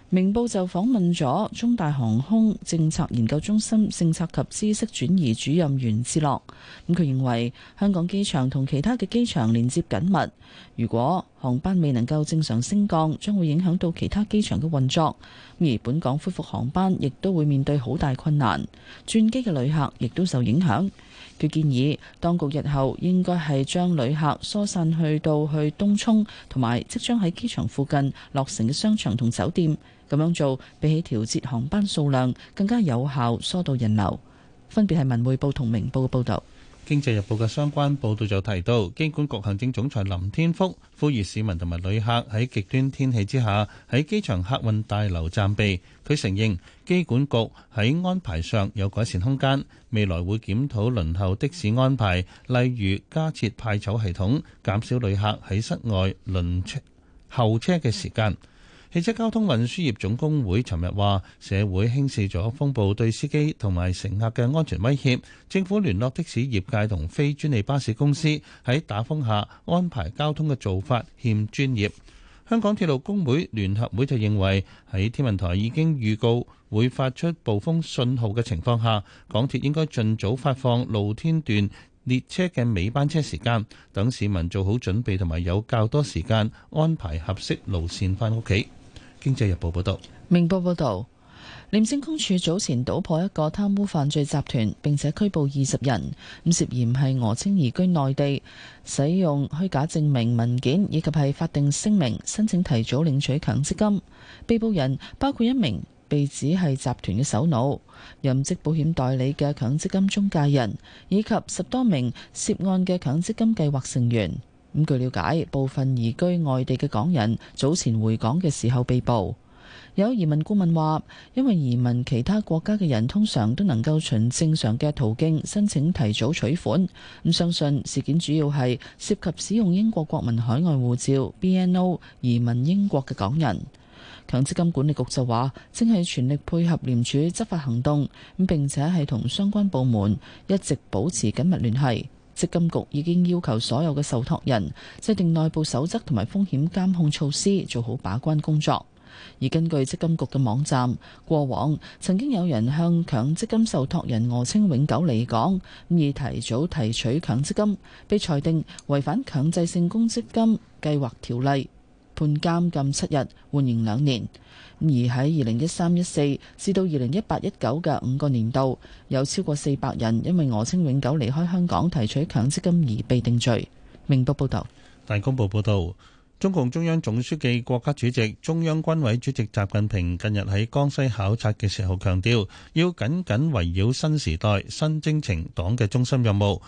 明報就訪問咗中大航空政策研究中心政策及知識轉移主任袁志樂。咁佢認為香港機場同其他嘅機場連接緊密，如果航班未能夠正常升降，將會影響到其他機場嘅運作。而本港恢復航班亦都會面對好大困難，轉機嘅旅客亦都受影響。佢建議當局日後應該係將旅客疏散去到去東涌，同埋即將喺機場附近落成嘅商場同酒店。咁樣做比起調節航班數量更加有效，疏導人流。分別係文匯報同明報嘅報導。經濟日報嘅相關報導就提到，機管局行政總裁林天福呼籲市民同埋旅客喺極端天氣之下喺機場客運大樓暫避。佢承認機管局喺安排上有改善空間，未來會檢討輪候的士安排，例如加設派籌系統，減少旅客喺室外輪候車嘅時間。汽車交通運輸業總工會尋日話：社會輕視咗風暴對司機同埋乘客嘅安全威脅，政府聯絡的士業界同非專利巴士公司喺打風下安排交通嘅做法欠專業。香港鐵路工會聯合會就認為，喺天文台已經預告會發出暴風信號嘅情況下，港鐵應該盡早發放露天段。列車嘅尾班車時間，等市民做好準備同埋有較多時間安排合適路線返屋企。經濟日報報道，明報報道，廉政公署早前搗破一個貪污犯罪集團，並且拘捕二十人，咁涉嫌係訛稱移居內地，使用虛假證明文件以及係法定聲明申請提早領取強積金。被捕人包括一名被指係集團嘅首腦、任職保險代理嘅強積金中介人以及十多名涉案嘅強積金計劃成員。咁據了解，部分移居外地嘅港人早前回港嘅時候被捕。有移民顧問話：因為移民其他國家嘅人通常都能夠循正常嘅途徑申請提早取款，咁相信事件主要係涉及使用英國國民海外護照 （BNO） 移民英國嘅港人。強積金管理局就話，正係全力配合廉署執法行動，咁並且係同相關部門一直保持緊密聯繫。積金局已經要求所有嘅受託人制定內部守則同埋風險監控措施，做好把關工作。而根據積金局嘅網站，過往曾經有人向強積金受託人訛稱永久離港，咁以提早提取強積金，被裁定違反強制性公積金計劃條例。判監禁七日，緩刑兩年。而喺二零一三一四至到二零一八一九嘅五個年度，有超過四百人因為訛稱永久離開香港提取強積金而被定罪。明報報道。《大公報》報道，中共中央總書記、國家主席、中央軍委主席習近平近日喺江西考察嘅時候強調，強調要緊緊圍繞新時代新征程黨嘅中心任務。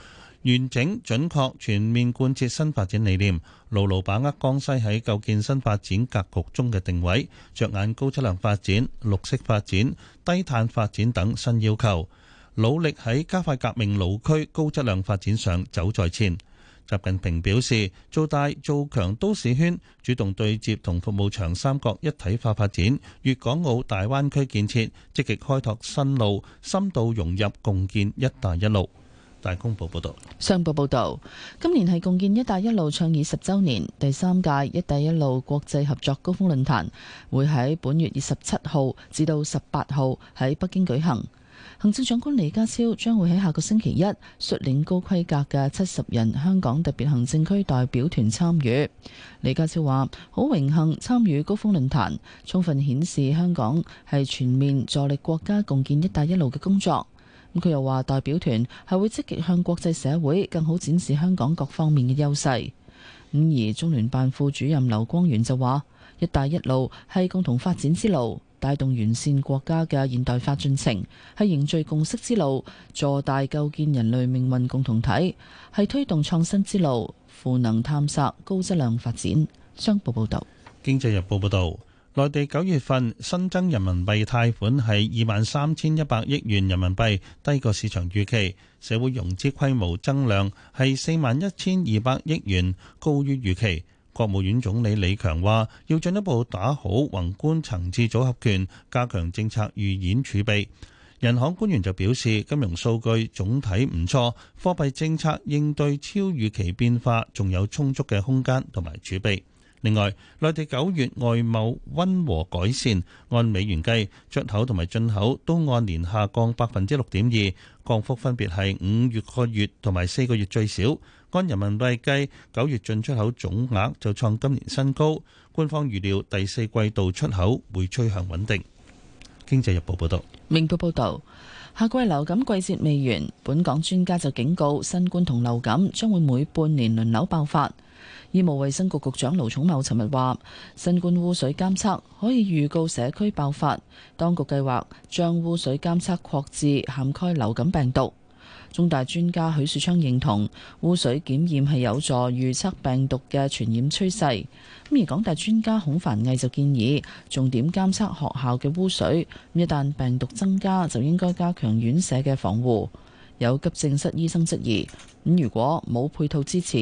完整準確全面貫徹新發展理念，牢牢把握江西喺構建新發展格局中嘅定位，着眼高質量發展、綠色發展、低碳發展等新要求，努力喺加快革命老區高質量發展上走在前。習近平表示，做大做強都市圈，主動對接同服務長三角一體化發展、粵港澳大灣區建設，積極開拓新路，深度融入共建一帶一路。大公報報道，商報報道，今年係共建“一帶一路”倡議十周年，第三屆“一帶一路”國際合作高峰論壇會喺本月二十七號至到十八號喺北京舉行。行政長官李家超將會喺下個星期一率領高規格嘅七十人香港特別行政區代表團參與。李家超話，好榮幸參與高峰論壇，充分顯示香港係全面助力國家共建“一帶一路”嘅工作。佢又話：代表團係會積極向國際社會更好展示香港各方面嘅優勢。咁而中聯辦副主任劉光源就話：「一帶一路係共同發展之路，帶動完善國家嘅現代化進程；係凝聚共識之路，助大構建人類命運共同體；係推動創新之路，賦能探索高質量發展。」商報報道。《經濟日報》報道。內地九月份新增人民幣貸款係二萬三千一百億元人民幣，低過市場預期；社會融資規模增量係四萬一千二百億元，高於預期。國務院總理李強話：要進一步打好宏觀層次組合拳，加強政策預演儲備。人行官員就表示，金融數據總體唔錯，貨幣政策應對超預期變化仲有充足嘅空間同埋儲備。另外，內地九月外貿溫和改善，按美元計，出口同埋進口都按年下降百分之六點二，降幅分別係五個月同埋四個月最少。按人民幣計，九月進出口總額就創今年新高。官方預料第四季度出口會趨向穩定。經濟日報報導，明報報導，夏季流感季節未完，本港專家就警告，新冠同流感將會每半年輪流爆發。醫務衛生局局長盧寵茂尋日話，新冠污水監測可以預告社區爆發，當局計劃將污水監測擴至涵蓋流感病毒。中大專家許樹昌認同污水檢驗係有助預測病毒嘅傳染趨勢。咁而港大專家孔凡毅就建議，重點監測學校嘅污水，一旦病毒增加就應該加強院舍嘅防護。有急症室醫生質疑，咁如果冇配套支持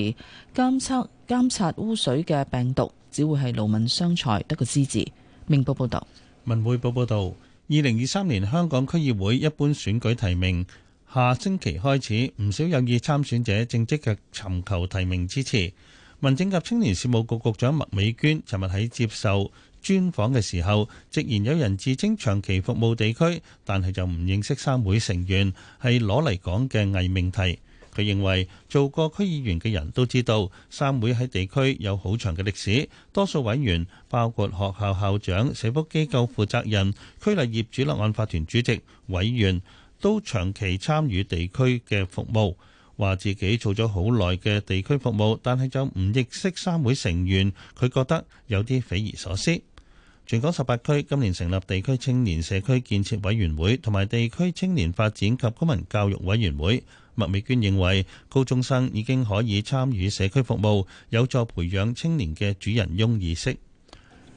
監測，監測監察污水嘅病毒，只會係勞民傷財，得個資治。明報報導，文匯報報導，二零二三年香港區議會一般選舉提名，下星期開始，唔少有意參選者正積極尋求提名支持。民政及青年事務局局長麥美娟尋日喺接受專訪嘅時候，直言有人自稱長期服務地區，但係就唔認識三會成員，係攞嚟講嘅偽命題。佢認為做過區議員嘅人都知道，三會喺地區有好長嘅歷史。多數委員，包括學校校長、社福機構負責人、區立業主立案法團主席、委員，都長期參與地區嘅服務。話自己做咗好耐嘅地區服務，但係就唔認識三會成員，佢覺得有啲匪夷所思。全港十八區今年成立地區青年社區建設委員會同埋地區青年發展及公民教育委員會。麥美娟認為，高中生已經可以參與社區服務，有助培養青年嘅主人翁意識。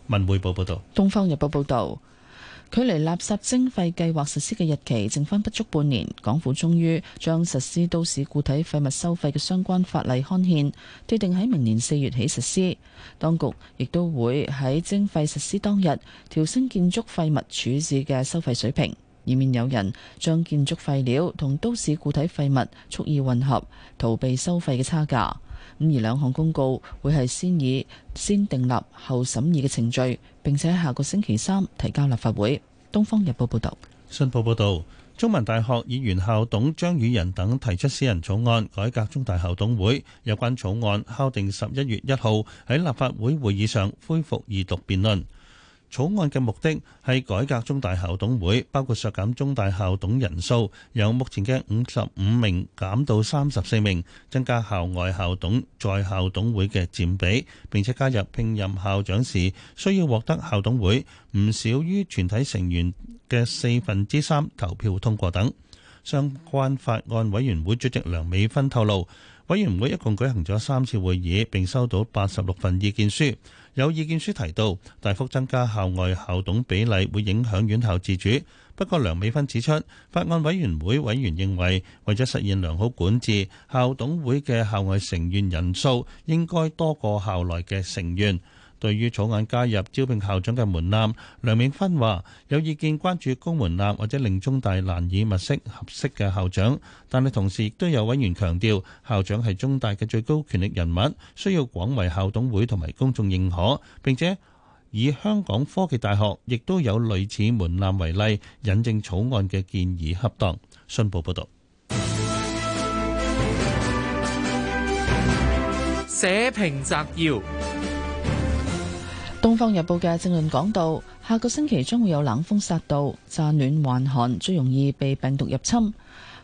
文匯報報道，東方日報報導，距離垃圾徵費計劃實施嘅日期剩返不足半年，港府終於將實施都市固體廢物收費嘅相關法例刊憲，決定喺明年四月起實施。當局亦都會喺徵費實施當日調升建築廢物處置嘅收費水平。以免有人將建築廢料同都市固體廢物蓄意混合，逃避收費嘅差價。咁而兩項公告會係先以先訂立後審議嘅程序，並且下個星期三提交立法會。《東方日報》報道。《新報》報道，中文大學議員校董張宇人等提出私人草案改革中大校董會，有關草案敲定十一月一號喺立法會會議上恢復二讀辯論。草案嘅目的係改革中大校董會，包括削減中大校董人數，由目前嘅五十五名減到三十四名，增加校外校董在校董會嘅佔比，並且加入聘任校長時需要獲得校董會唔少於全體成員嘅四分之三投票通過等。相關法案委員會主席梁美芬透露，委員會一共舉行咗三次會議，並收到八十六份意見書。有意見書提到，大幅增加校外校董比例會影響院校自主。不過，梁美芬指出，法案委員會委員認為，為咗實現良好管治，校董會嘅校外成員人數應該多過校內嘅成員。對於草案加入招聘校長嘅門檻，梁美芬話有意見關注高門檻或者令中大難以物色合適嘅校長，但係同時亦都有委員強調，校長係中大嘅最高權力人物，需要廣為校董會同埋公眾認可。並且以香港科技大學亦都有類似門檻為例，引證草案嘅建議恰當。信報報道。社評摘要。《東方日報》嘅正論講到，下個星期將會有冷風殺到，乍暖還寒，最容易被病毒入侵。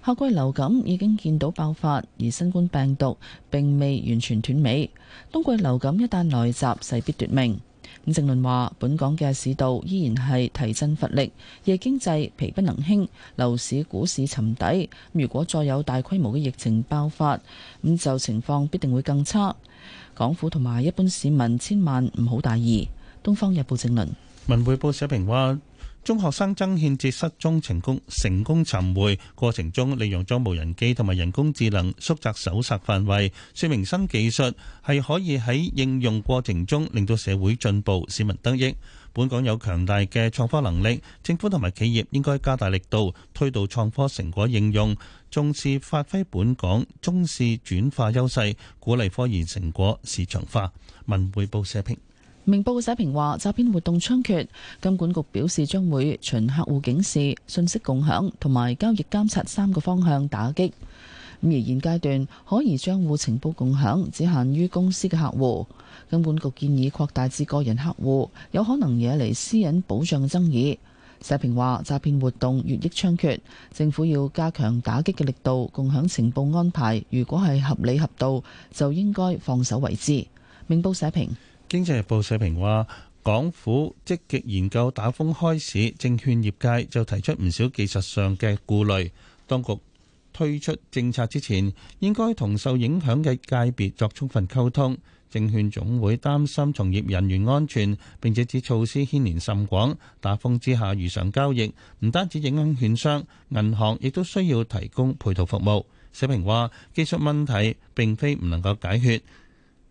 夏季流感已經見到爆發，而新冠病毒並未完全斷尾。冬季流感一旦來襲，勢必奪命。咁正論話，本港嘅市道依然係提振乏力，夜經濟疲不能興，樓市、股市沉底。如果再有大規模嘅疫情爆發，咁就情況必定會更差。港府同埋一般市民，千萬唔好大意。《東方日報》政論，《文匯報》寫評話。中學生曾憲哲失蹤，成功成功尋回，過程中，利用咗無人機同埋人工智能縮窄搜查範圍，説明新技術係可以喺應用過程中令到社會進步、市民得益。本港有強大嘅創科能力，政府同埋企業應該加大力度推動創科成果應用，重視發揮本港中試轉化優勢，鼓勵科研成果市場化。文匯報社評。明報社評話，詐騙活動猖獗，金管局表示將會循客戶警示、信息共享同埋交易監察三個方向打擊，咁而現階段可疑賬戶情報共享只限於公司嘅客戶，金管局建議擴大至個人客戶，有可能惹嚟私隱保障嘅爭議。社評話詐騙活動越益猖獗，政府要加強打擊嘅力度。共享情報安排如果係合理合道就應該放手為之。明報社評。《經濟日報》社評話，港府積極研究打風開市，證券業界就提出唔少技術上嘅顧慮。當局推出政策之前，應該同受影響嘅界別作充分溝通。證券總會擔心從業人員安全，並且指措施牽連甚廣。打風之下如常交易，唔單止影響券商、銀行，亦都需要提供配套服務。社評話，技術問題並非唔能夠解決。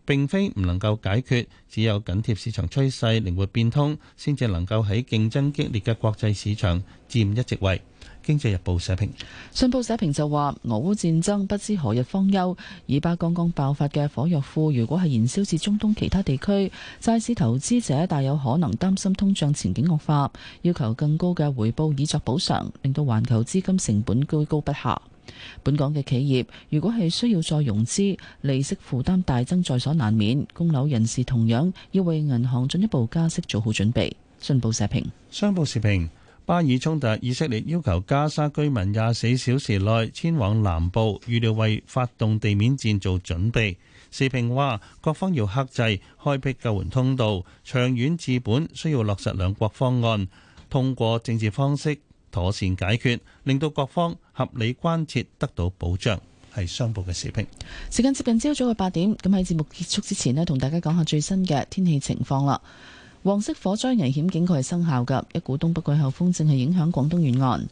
並非唔能夠解決，只有緊貼市場趨勢靈活變通，先至能夠喺競爭激烈嘅國際市場佔一席位。經濟日報社評。信報社評就話俄烏戰爭不知何日方休，以巴剛剛爆發嘅火藥庫如果係燃燒至中東其他地區，債市投資者大有可能擔心通脹前景惡化，要求更高嘅回報以作補償，令到環球資金成本居高不下。本港嘅企業如果係需要再融資，利息負擔大增在所難免。供樓人士同樣要為銀行進一步加息做好準備。信報社評，商報時評，巴以衝突，以色列要求加沙居民廿四小時內遷往南部，預料為發動地面戰做準備。時評話，各方要克制，開闢救援通道，長遠治本需要落實兩國方案，通過政治方式。妥善解決，令到各方合理關切得到保障，係商報嘅時評。時間接近朝早嘅八點。咁喺節目結束之前，呢同大家講下最新嘅天氣情況啦。黃色火災危險警告係生效嘅，一股東北季候風正係影響廣東沿岸。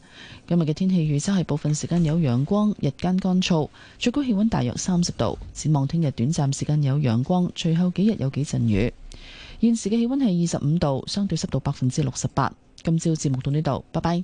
今日嘅天氣預測係部分時間有陽光，日間乾燥，最高氣温大約三十度。展望聽日短暫時間有陽光，隨後幾日有幾陣雨。現時嘅氣温係二十五度，相對濕度百分之六十八。今朝節目到呢度，拜拜。